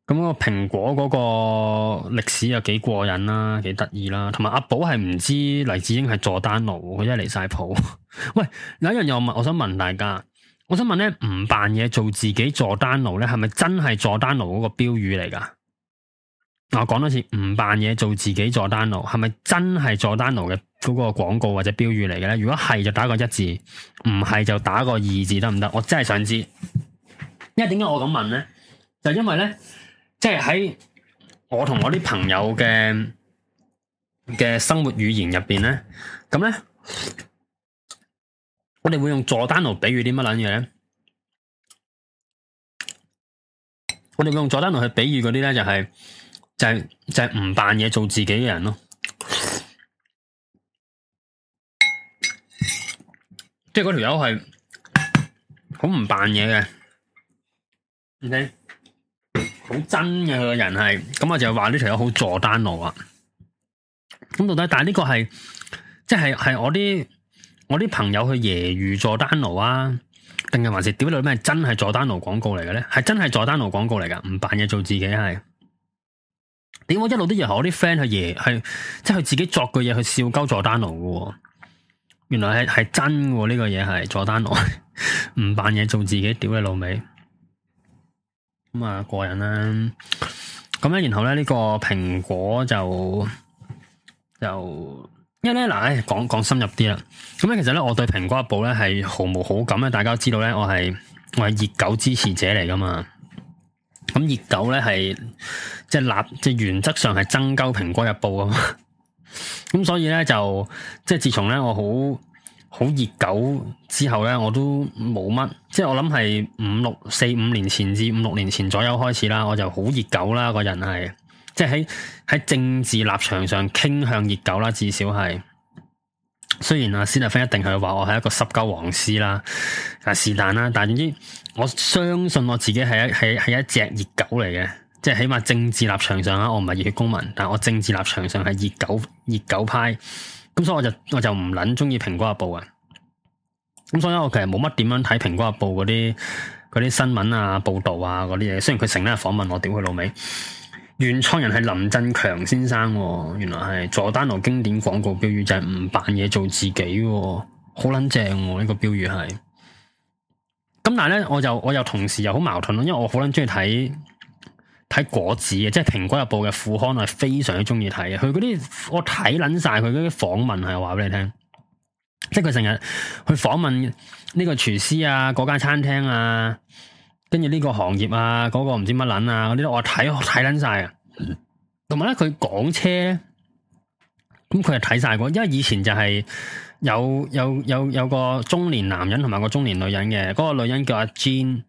咁、嗰個蘋果嗰個歷史又幾過癮啦、啊，幾得意啦，同埋阿寶係唔知黎智英係佐丹奴，佢真係嚟晒譜。 喂，有一樣又問，我想問大家，我想問咧，唔扮嘢做自己佐丹奴咧，係咪真係佐丹奴嗰個標語嚟噶？我講多次唔扮嘢做自己佐丹奴，係咪真係佐丹奴嘅嗰個廣告或者標語嚟嘅咧？如果係就打個一字，唔係就打個二字得唔得？我真係想知，因為點解我咁問咧？就是、因為咧，即係喺我同我啲朋友嘅嘅生活語言入邊咧，咁咧，我哋會用佐丹奴比喻啲乜卵嘢咧？我哋會用佐丹奴去比喻嗰啲咧，就係、是。就係、是、就係唔扮嘢做自己嘅人咯， 即係嗰條友係好唔扮嘢嘅，你睇好真嘅佢個人係，咁、嗯、我就話呢條友好助單奴啊，咁到底但係呢個係即係係我啲我啲朋友去揶揄助單奴啊，定係還是屌你咩真係助單奴廣告嚟嘅咧？係真係助單奴廣告嚟噶，唔扮嘢做自己係。點、哎、我一路都入我啲 friend 去爺，係即係佢自己作個嘢去笑鳩佐丹奴嘅，原來係係真嘅呢、這個嘢係佐丹奴，唔扮嘢做自己屌你老味，咁啊過癮啦！咁咧然後咧呢、這個蘋果就就因為咧嗱，誒，講講深入啲啦，咁咧其實咧我對蘋果日報咧係毫無好感咧，大家知道咧我係我係熱狗支持者嚟噶嘛。咁熱狗呢，係即係立即係原則上係爭鳩蘋果日報啊嘛，咁 所以呢，就即係自從呢，我好好熱狗之後呢，我都冇乜，即係我諗係五六四五年前至五六年前左右開始啦，我就好熱狗啦，個人係即係喺喺政治立場上傾向熱狗啦，至少係。雖然阿斯利芬一定係話我係一個濕鳩黃絲啦，啊是但啦，但係總之我相信我自己係一係，係一隻熱狗嚟嘅，即係起碼政治立場上啊，我唔係熱血公民，但係我政治立場上係熱狗熱狗派，咁所以我就我就唔撚鍾意蘋果日報啊，咁所以我其實冇乜點樣睇蘋果日報嗰啲嗰啲新聞啊報道啊嗰啲嘢，雖然佢成日訪問我，屌佢老味。原創人係林振強先生，哦，原來係佐丹奴經典廣告標語就係唔扮嘢做自己。哦，好撚正！呢、呢個標語係。咁但係咧，我就我有同事又同時又好矛盾咯，因為我好撚中意睇睇果子嘅，即係蘋果日報嘅副刊，我係非常之中意睇嘅。佢嗰啲我睇撚晒，佢嗰啲訪問係，話俾你聽，即係佢成日去訪問呢個廚師啊，嗰間餐廳啊。跟住呢個行業啊，嗰、那個唔知乜捻啊，嗰啲我睇睇捻晒啊。同埋咧，佢講車，咁佢係睇晒過，因為以前就係有有有有個中年男人同埋個中年女人嘅，嗰、那個女人叫阿 Jean，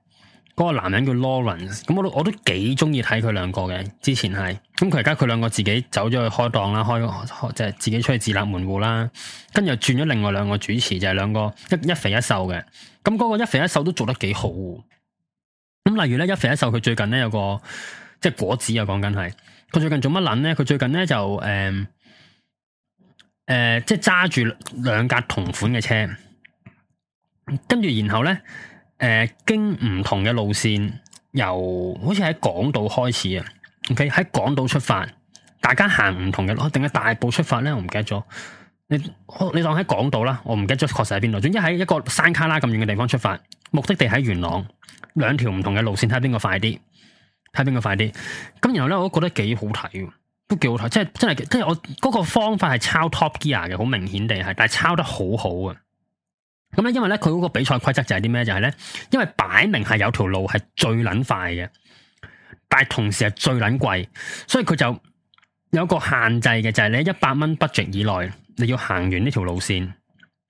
嗰個男人叫 Lawrence。咁我都我都幾中意睇佢兩個嘅，之前係，咁佢而家佢兩個自己走咗去開檔啦，開開即係自己出去自立門戶啦。跟住又轉咗另外兩個主持，就係、是、兩個一一肥一瘦嘅，咁、那、嗰個一肥一瘦都做得幾好。咁例如咧，一肥一瘦，佢最近咧有個即係、就是、果子啊，講緊係佢最近做乜捻咧？佢最近咧就誒誒，即係揸住兩架同款嘅車，跟住然後咧誒、呃，經唔同嘅路線，由好似喺港島開始啊，OK 喺港島出發，大家行唔同嘅路，定係大埔出發咧？我唔記得咗，你你當喺港島啦，我唔記得咗確實喺邊度，總之喺一個山卡拉咁遠嘅地方出發，目的地喺元朗。兩條唔同嘅路線，睇下邊個快啲，睇下邊個快啲。咁然後咧，我都覺得幾好睇，都幾好睇。即係真係，即係我嗰、這個方法係抄 Top Gear 嘅，好明顯地係，但係抄得好好啊。咁、嗯、咧，因為咧佢嗰個比賽規則就係啲咩？就係、是、咧，因為擺明係有條路係最撚快嘅，但係同時係最撚貴，所以佢就有個限制嘅，就係、是、你一百蚊 budget 以內，你要行完呢條路線。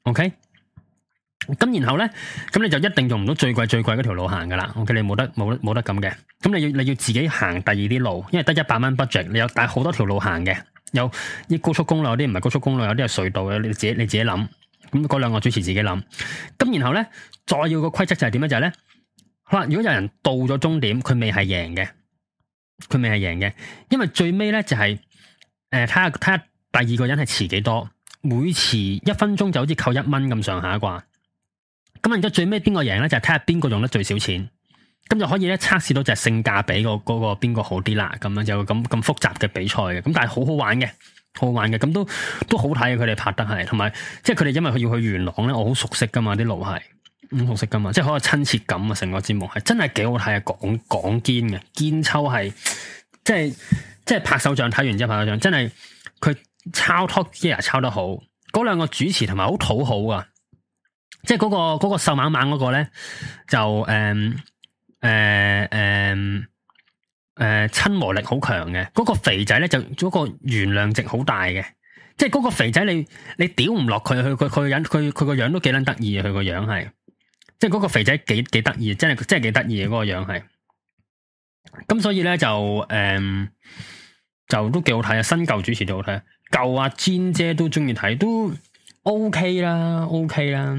OK。咁然後咧，咁你就一定用唔到最貴最貴嗰條路行噶啦。我、OK? 嘅你冇得冇冇得咁嘅。咁你要你要自己行第二啲路，因為得一百蚊 budget，你有帶好多條路行嘅。有啲高速公路，有啲唔係高速公路，有啲係隧道嘅。你自己你自己諗。咁、那、嗰、個、兩個主持自己諗。咁然後咧，再要個規則就係點咧就係咧，好啦，如果有人到咗終點，佢未係贏嘅，佢未係贏嘅，因為最尾咧就係誒睇下睇下第二個人係遲幾多，每遲一分鐘就好似扣一蚊咁上下啩。咁然之後最尾邊個贏咧，就睇下邊個用得最少錢，咁就可以咧測試到就性價比個嗰個邊個好啲啦。咁樣就咁咁複雜嘅比賽嘅，咁但係好好玩嘅，好玩嘅，咁都都好睇啊！佢哋拍得係，同埋即係佢哋因為佢要去元朗咧，我好熟悉噶嘛啲路係，咁熟悉噶嘛，即係好有親切感啊！成個節目係真係幾好睇啊，講講堅嘅堅秋係，即係即係拍手掌，睇完之後拍手掌，真係佢抄 t 托機啊，抄得好，嗰兩個主持同埋好討好啊。即係嗰、嗰個、嗰個瘦蜢蜢嗰個咧就誒誒誒誒親和力好強嘅，嗰、嗰個肥仔咧就嗰個原諒值好大嘅。即係嗰個肥仔你你屌唔落佢佢佢佢人佢佢個樣都幾撚得意啊！佢個樣係，即係嗰個肥仔幾幾得意，真係真係幾得意啊！嗰、嗰個樣係，咁所以咧就誒、呃、就都幾好睇啊！新舊主持都好睇，舊阿煎姐都中意睇都。O K 啦，O K 啦，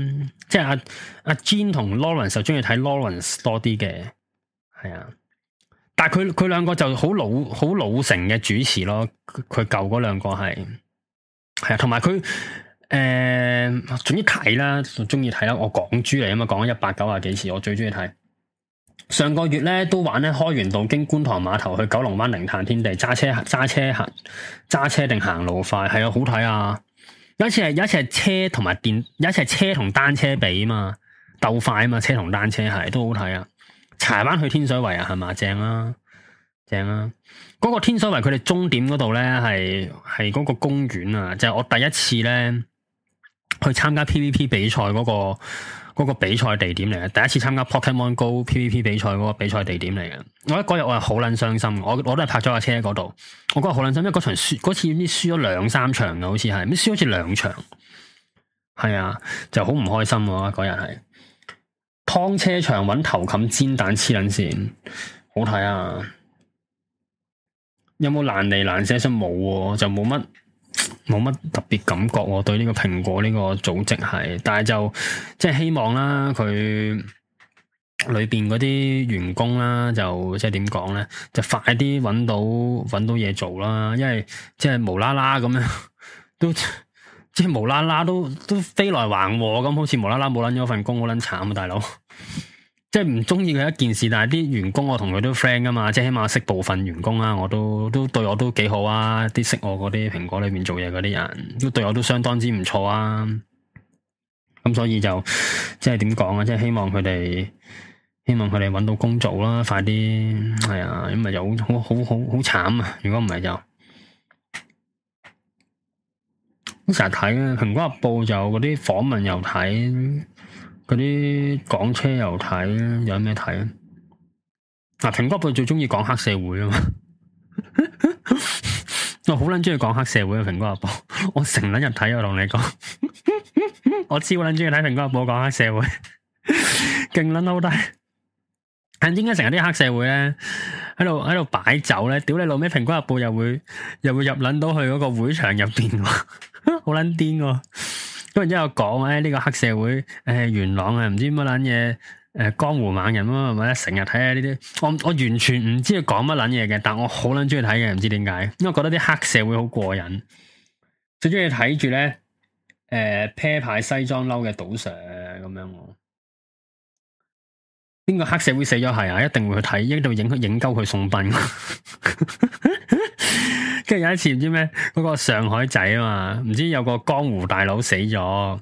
即係阿阿 Jean 同 Lawrence 就中意睇 Lawrence 多啲嘅，係啊，但係佢佢兩個就好老好老成嘅主持咯，佢舊嗰兩個係係啊，同埋佢誒，總之睇啦，就中意睇啦，我講珠嚟啊嘛，講咗一百九十幾次，我最中意睇。上個月咧都玩咧，開園道經觀塘碼頭去九龍灣靈探天地，揸車揸車行揸車定行路快，係啊，好睇啊！有一次係有一次係車同埋電，有一次係車同單車比啊嘛，鬥快啊嘛，車同單車係都好睇啊！柴灣去天水圍啊，係嘛正啦，正啦，啊！嗰，啊那個天水圍佢哋終點嗰度咧，係係嗰個公園啊，就係、是、我第一次咧去參加 PVP 比賽嗰、那個。嗰個比賽地點嚟嘅，第一次參加 Pokemon Go PVP 比賽嗰個比賽地點嚟嘅，我喺嗰日我係好捻傷心，我我都係拍咗架車喺嗰度，我覺得好捻傷心，因為嗰場輸，嗰次已經輸咗兩三場嘅，好似係，咩輸好似兩場，係啊，就好唔開心喎，嗰日係，劏車場搵頭冚煎蛋黐捻線，好睇啊，有冇難嚟難寫出冇喎，就冇乜。冇乜特別感覺，我對呢個蘋果呢個組織係，但係就即係希望啦，佢裏邊嗰啲員工啦，就即係點講咧，就快啲搵到搵到嘢做啦，因為即係無啦啦咁樣，都即係無啦啦都都飛來橫禍咁，好似無啦啦冇捻咗份工好捻慘啊，大佬！即係唔鍾意佢一件事，但係啲員工我同佢都 friend 噶嘛，即係起碼識部分員工啊，我都都對我都幾好啊，啲識我嗰啲蘋果裡面做嘢嗰啲人都對我都相當之唔錯啊，咁所以就即係點講啊，即係希望佢哋希望佢哋揾到工做啦，快啲係啊，咁咪係就好好好好慘啊，如果唔係就成日睇啊，蘋果日報就嗰啲訪問又睇。嗰啲港車又睇，有咩睇？嗱，蘋果日報最中意講黑社會啊嘛，我好捻中意講黑社會啊！蘋果日報，我成捻日睇，我同你講，我超捻中意睇蘋果日報講黑社會，勁捻 low 低。但低。點解成日啲黑社會咧喺度喺度擺酒咧？屌你老尾！蘋果日報又會又會入捻到去嗰個會場入邊，好捻癲個。因為之後講，呢個黑社會，誒、呃、元朗啊，唔知乜撚嘢，誒，江湖猛人咁啊，成日睇下呢啲，我我完全唔知佢講乜撚嘢嘅，但我好撚鍾意睇嘅，唔知點解，因為我覺得啲黑社會好過癮，最鍾意睇住咧，誒，啤牌西裝褸嘅賭場咁樣邊個黑社會死咗係啊？一定會去睇，一定影影鳩佢送殯。跟住有一次唔知咩，嗰個上海仔啊嘛，唔知有個江湖大佬死咗，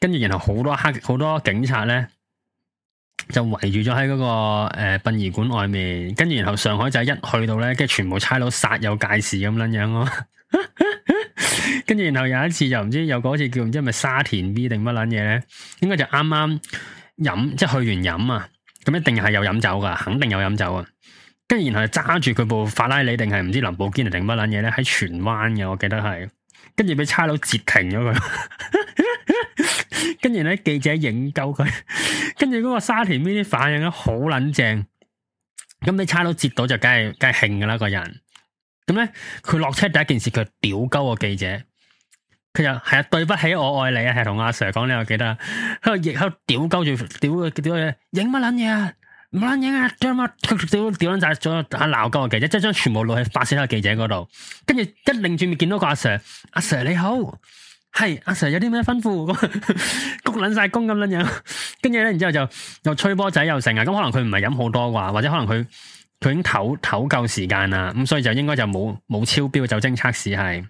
跟住然後好多黑好多警察咧，就圍住咗喺嗰個誒殯儀館外面。跟住然後上海仔一去到咧，跟住全部差佬煞有介事咁樣樣咯。跟住然後有一次又唔知有個好似叫唔知係咪沙田 B 定乜撚嘢咧，應該就啱啱飲，即係去完飲啊！咁一定係有飲酒噶，肯定有飲酒啊！跟住然後揸住佢部法拉利，定係唔知林寶堅定乜撚嘢咧？喺荃灣嘅，我記得係，跟住俾差佬截停咗佢，跟住咧記者影鳩佢，跟住嗰個沙田呢啲反應咧好撚正，咁你差佬截到就梗係梗係慶噶啦個人，咁咧佢落車第一件事佢屌鳩個記者。佢就係啊，對不起，我愛你啊，係同阿 Sir 講，你又記得啊？佢又亦喺度屌鳩住，屌佢屌佢影乜撚嘢啊？唔撚影啊！將乜，屌屌撚晒，仲喺鬧鳩嘅記者，即係將全部落喺發洩喺記者嗰度。跟住一擰轉面，見到個阿 Sir，阿 Sir 你好，係阿 Sir 有啲咩吩咐？焗撚晒工咁撚樣。跟住咧，然之後就又吹波仔又成啊。咁可能佢唔係飲好多啩，或者可能佢佢已經唞唞夠時間啦。咁所以就應該就冇冇超標酒精測試係。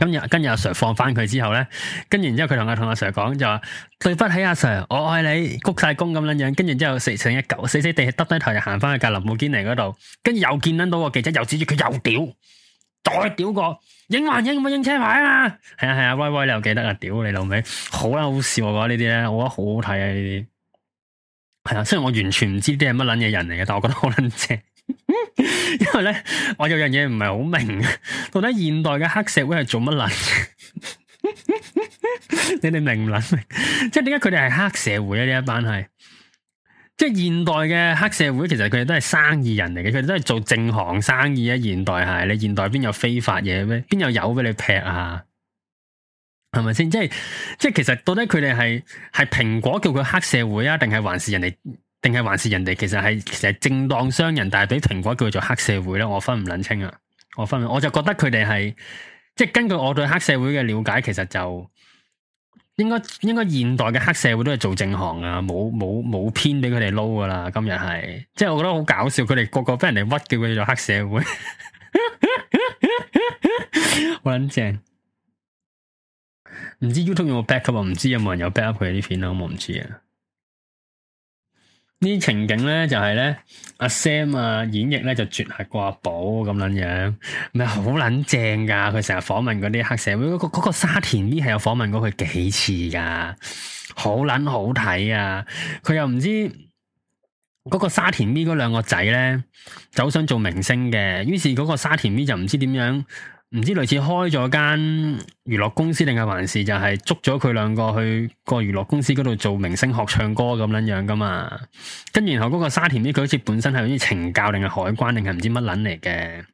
跟住跟阿 Sir 放翻佢之後咧，跟住之後佢同阿同阿 Sir 講就話對不起阿 Sir，我愛你鞠晒躬咁樣樣，跟住之後食成一嚿死死地耷低頭就行翻去格林布堅尼嗰度，跟住又見到個記者又指住佢又屌，再屌過影還影咁樣影車牌啊？係啊係啊，喂喂，你又記得啊？屌你老味，好啦好笑啊！我話呢啲咧，我覺得好好睇啊呢啲，係啊，雖然我完全唔知啲係乜卵嘢人嚟嘅，但我覺得好卵正。 因為咧，我有樣嘢唔係好明，到底現代嘅黑社會係做乜捻 你哋明唔明？即係點解佢哋係黑社會咧？呢一班係，即係現代嘅黑社會，其實佢哋都係生意人嚟嘅，佢哋都係做正行生意啊。現代係你現代邊有非法嘢咩？邊有油俾你劈啊？係咪先？即係即係，其實到底佢哋係係蘋果叫佢黑社會啊？定係還是人哋？定係還是人哋其實係其實正當商人，但係俾蘋果叫做黑社會咧，我分唔捻清啊！我分，我就覺得佢哋係即係根據我對黑社會嘅了解，其實就應該應該現代嘅黑社會都係做正行啊，冇冇冇編俾佢哋撈噶啦！今日係即係我覺得好搞笑，佢哋個個俾人哋屈叫佢做黑社會，好捻正！唔知 YouTube 有冇 backup 啊？唔知有冇人有 backup 佢啲片啊？我唔知啊。呢啲情景咧就係咧阿 Sam 啊演繹咧就絕係掛寶咁樣樣，咪好撚正噶！佢成日訪問嗰啲黑社會，嗰、那、嗰個沙田 V 係有訪問過佢幾次噶，好撚好睇啊！佢又唔知嗰、那個沙田 V 嗰兩個仔咧就好想做明星嘅，於是嗰個沙田 V 就唔知點樣。唔知類似開咗間娛樂公司定係還是就係捉咗佢兩個去個娛樂公司嗰度做明星學唱歌咁樣樣噶嘛，跟然後嗰個沙田呢，佢好似本身係好似懲教定係海關定係唔知乜捻嚟嘅。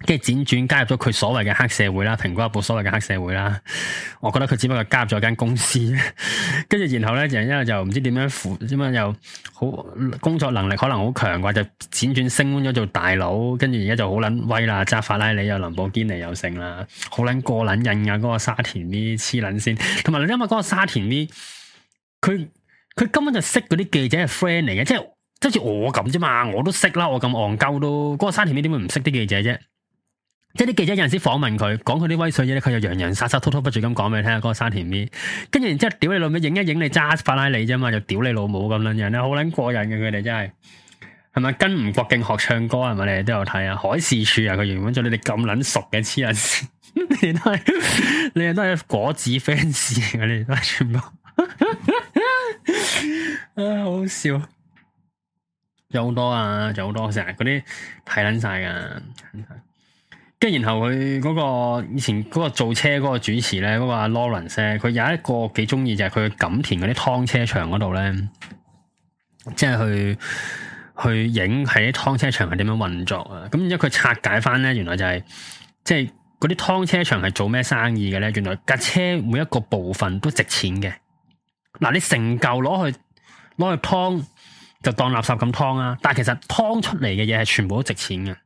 跟住輾轉加入咗佢所謂嘅黑社會啦，蘋果一部所謂嘅黑社會啦，我覺得佢只不過加入咗間公司，跟住然後咧就因為就唔知點樣，之嘛又好工作能力可能好強啩，就輾轉，轉升官咗做大佬，跟住而家就好捻威啦，揸法拉利又林寶堅尼又成啦，好捻過捻癮呀，嗰個沙田啲黐捻先，同埋你因為嗰個沙田啲，佢佢根本就識嗰啲記者係 friend 嚟嘅，即係即係似我咁啫嘛，我都識啦，我咁戇鳩都，嗰、嗰個沙田啲點會唔識啲記者啫？即係啲記者有陣時、人士訪問佢，講佢啲威水嘢咧，佢就洋洋灑灑、滔滔不住咁講俾你聽。嗰、那個沙田咪跟住然之後，屌你老味，影一影你揸法拉利啫嘛，就屌你老母咁樣樣，拍拍你好卵過癮嘅，佢哋真係，係咪跟吳國敬學唱歌？係咪你都有睇啊？海事處啊，佢原本做你哋咁卵熟嘅黐線，你都係你都係果子 fans 嚟嘅，你都係全部 唉，好笑，有好多啊，有好多成日嗰啲睇卵晒噶。即係然後佢嗰個以前嗰個做車嗰個主持咧，嗰個阿 Lawrence 咧，佢有一個幾中意就係佢錦田嗰啲湯車場嗰度咧，即係去去影喺啲湯車場係點樣運作啊！咁然之後佢拆解翻咧，原來就係即係嗰啲湯車場係做咩生意嘅咧？原來架車每一個部分都值錢嘅。嗱，你成舊攞去攞去湯就當垃圾咁湯啦，但係其實湯出嚟嘅嘢係全部都值錢嘅。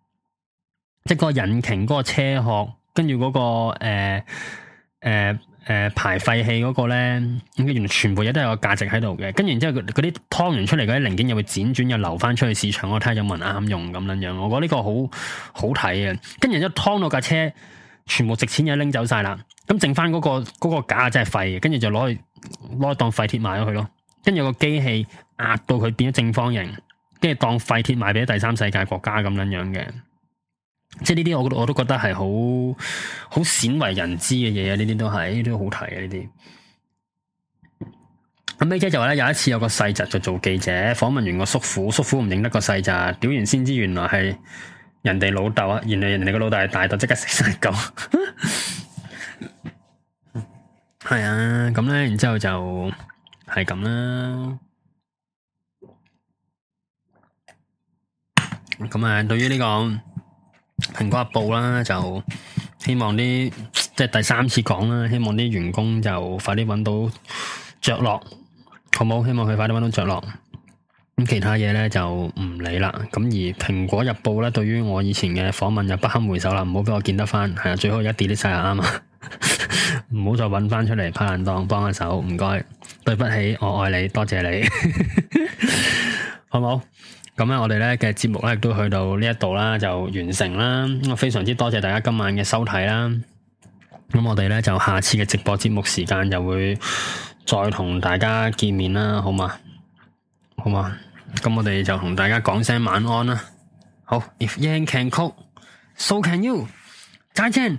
即係個引擎，嗰，嗰個車殼，跟住嗰個誒誒誒排廢氣嗰個咧，咁嘅原來全部嘢都有個價值喺度嘅。跟住然之後嗰啲劏完出嚟嗰啲零件又會輾轉又流翻出去市場，我睇下有冇人啱用咁樣樣。我覺得呢個好好睇啊。跟住然之後劏到架車，全部值錢嘢拎走晒啦，咁剩翻嗰，嗰個，嗰個架真係廢嘅，跟住就攞去攞去當廢鐵賣咗佢咯。跟住個機器壓到佢變咗正方形，跟住當廢鐵賣俾第三世界國家咁樣樣嘅。即係呢啲，我我都覺得係好好鮮為人知嘅嘢啊！呢啲都係呢啲好睇啊！呢啲咁，即係話咧，有一次有個細侄就做記者訪問完個叔父，叔父唔認得個細侄，屌完先知原來係人哋老豆啊！原來人哋個老大大就即刻食晒咁。係啊，咁咧，然之後就係咁啦。咁啊，對於呢個。蘋果日報啦，就希望啲即係第三次講啦，希望啲員工就快啲揾到着落，好冇？希望佢快啲揾到着落。咁其他嘢咧就唔理啦。咁而蘋果日報咧，對於我以前嘅訪問就不堪回首啦，唔好俾我見得翻。係啊，最好而家 delete 晒係啱啊，唔好 再揾翻出嚟拍爛檔，幫下手。唔該，對不起，我愛你，多謝你， 好冇？咁咧，我哋咧嘅節目咧，都去到呢一度啦，就完成啦。咁非常之多謝大家今晚嘅收睇啦。咁我哋咧就下次嘅直播節目時間，就會再同大家見面啦，好嘛？好嘛？咁我哋就同大家講聲晚安啦。好，If Yan can cook, so can you，再見！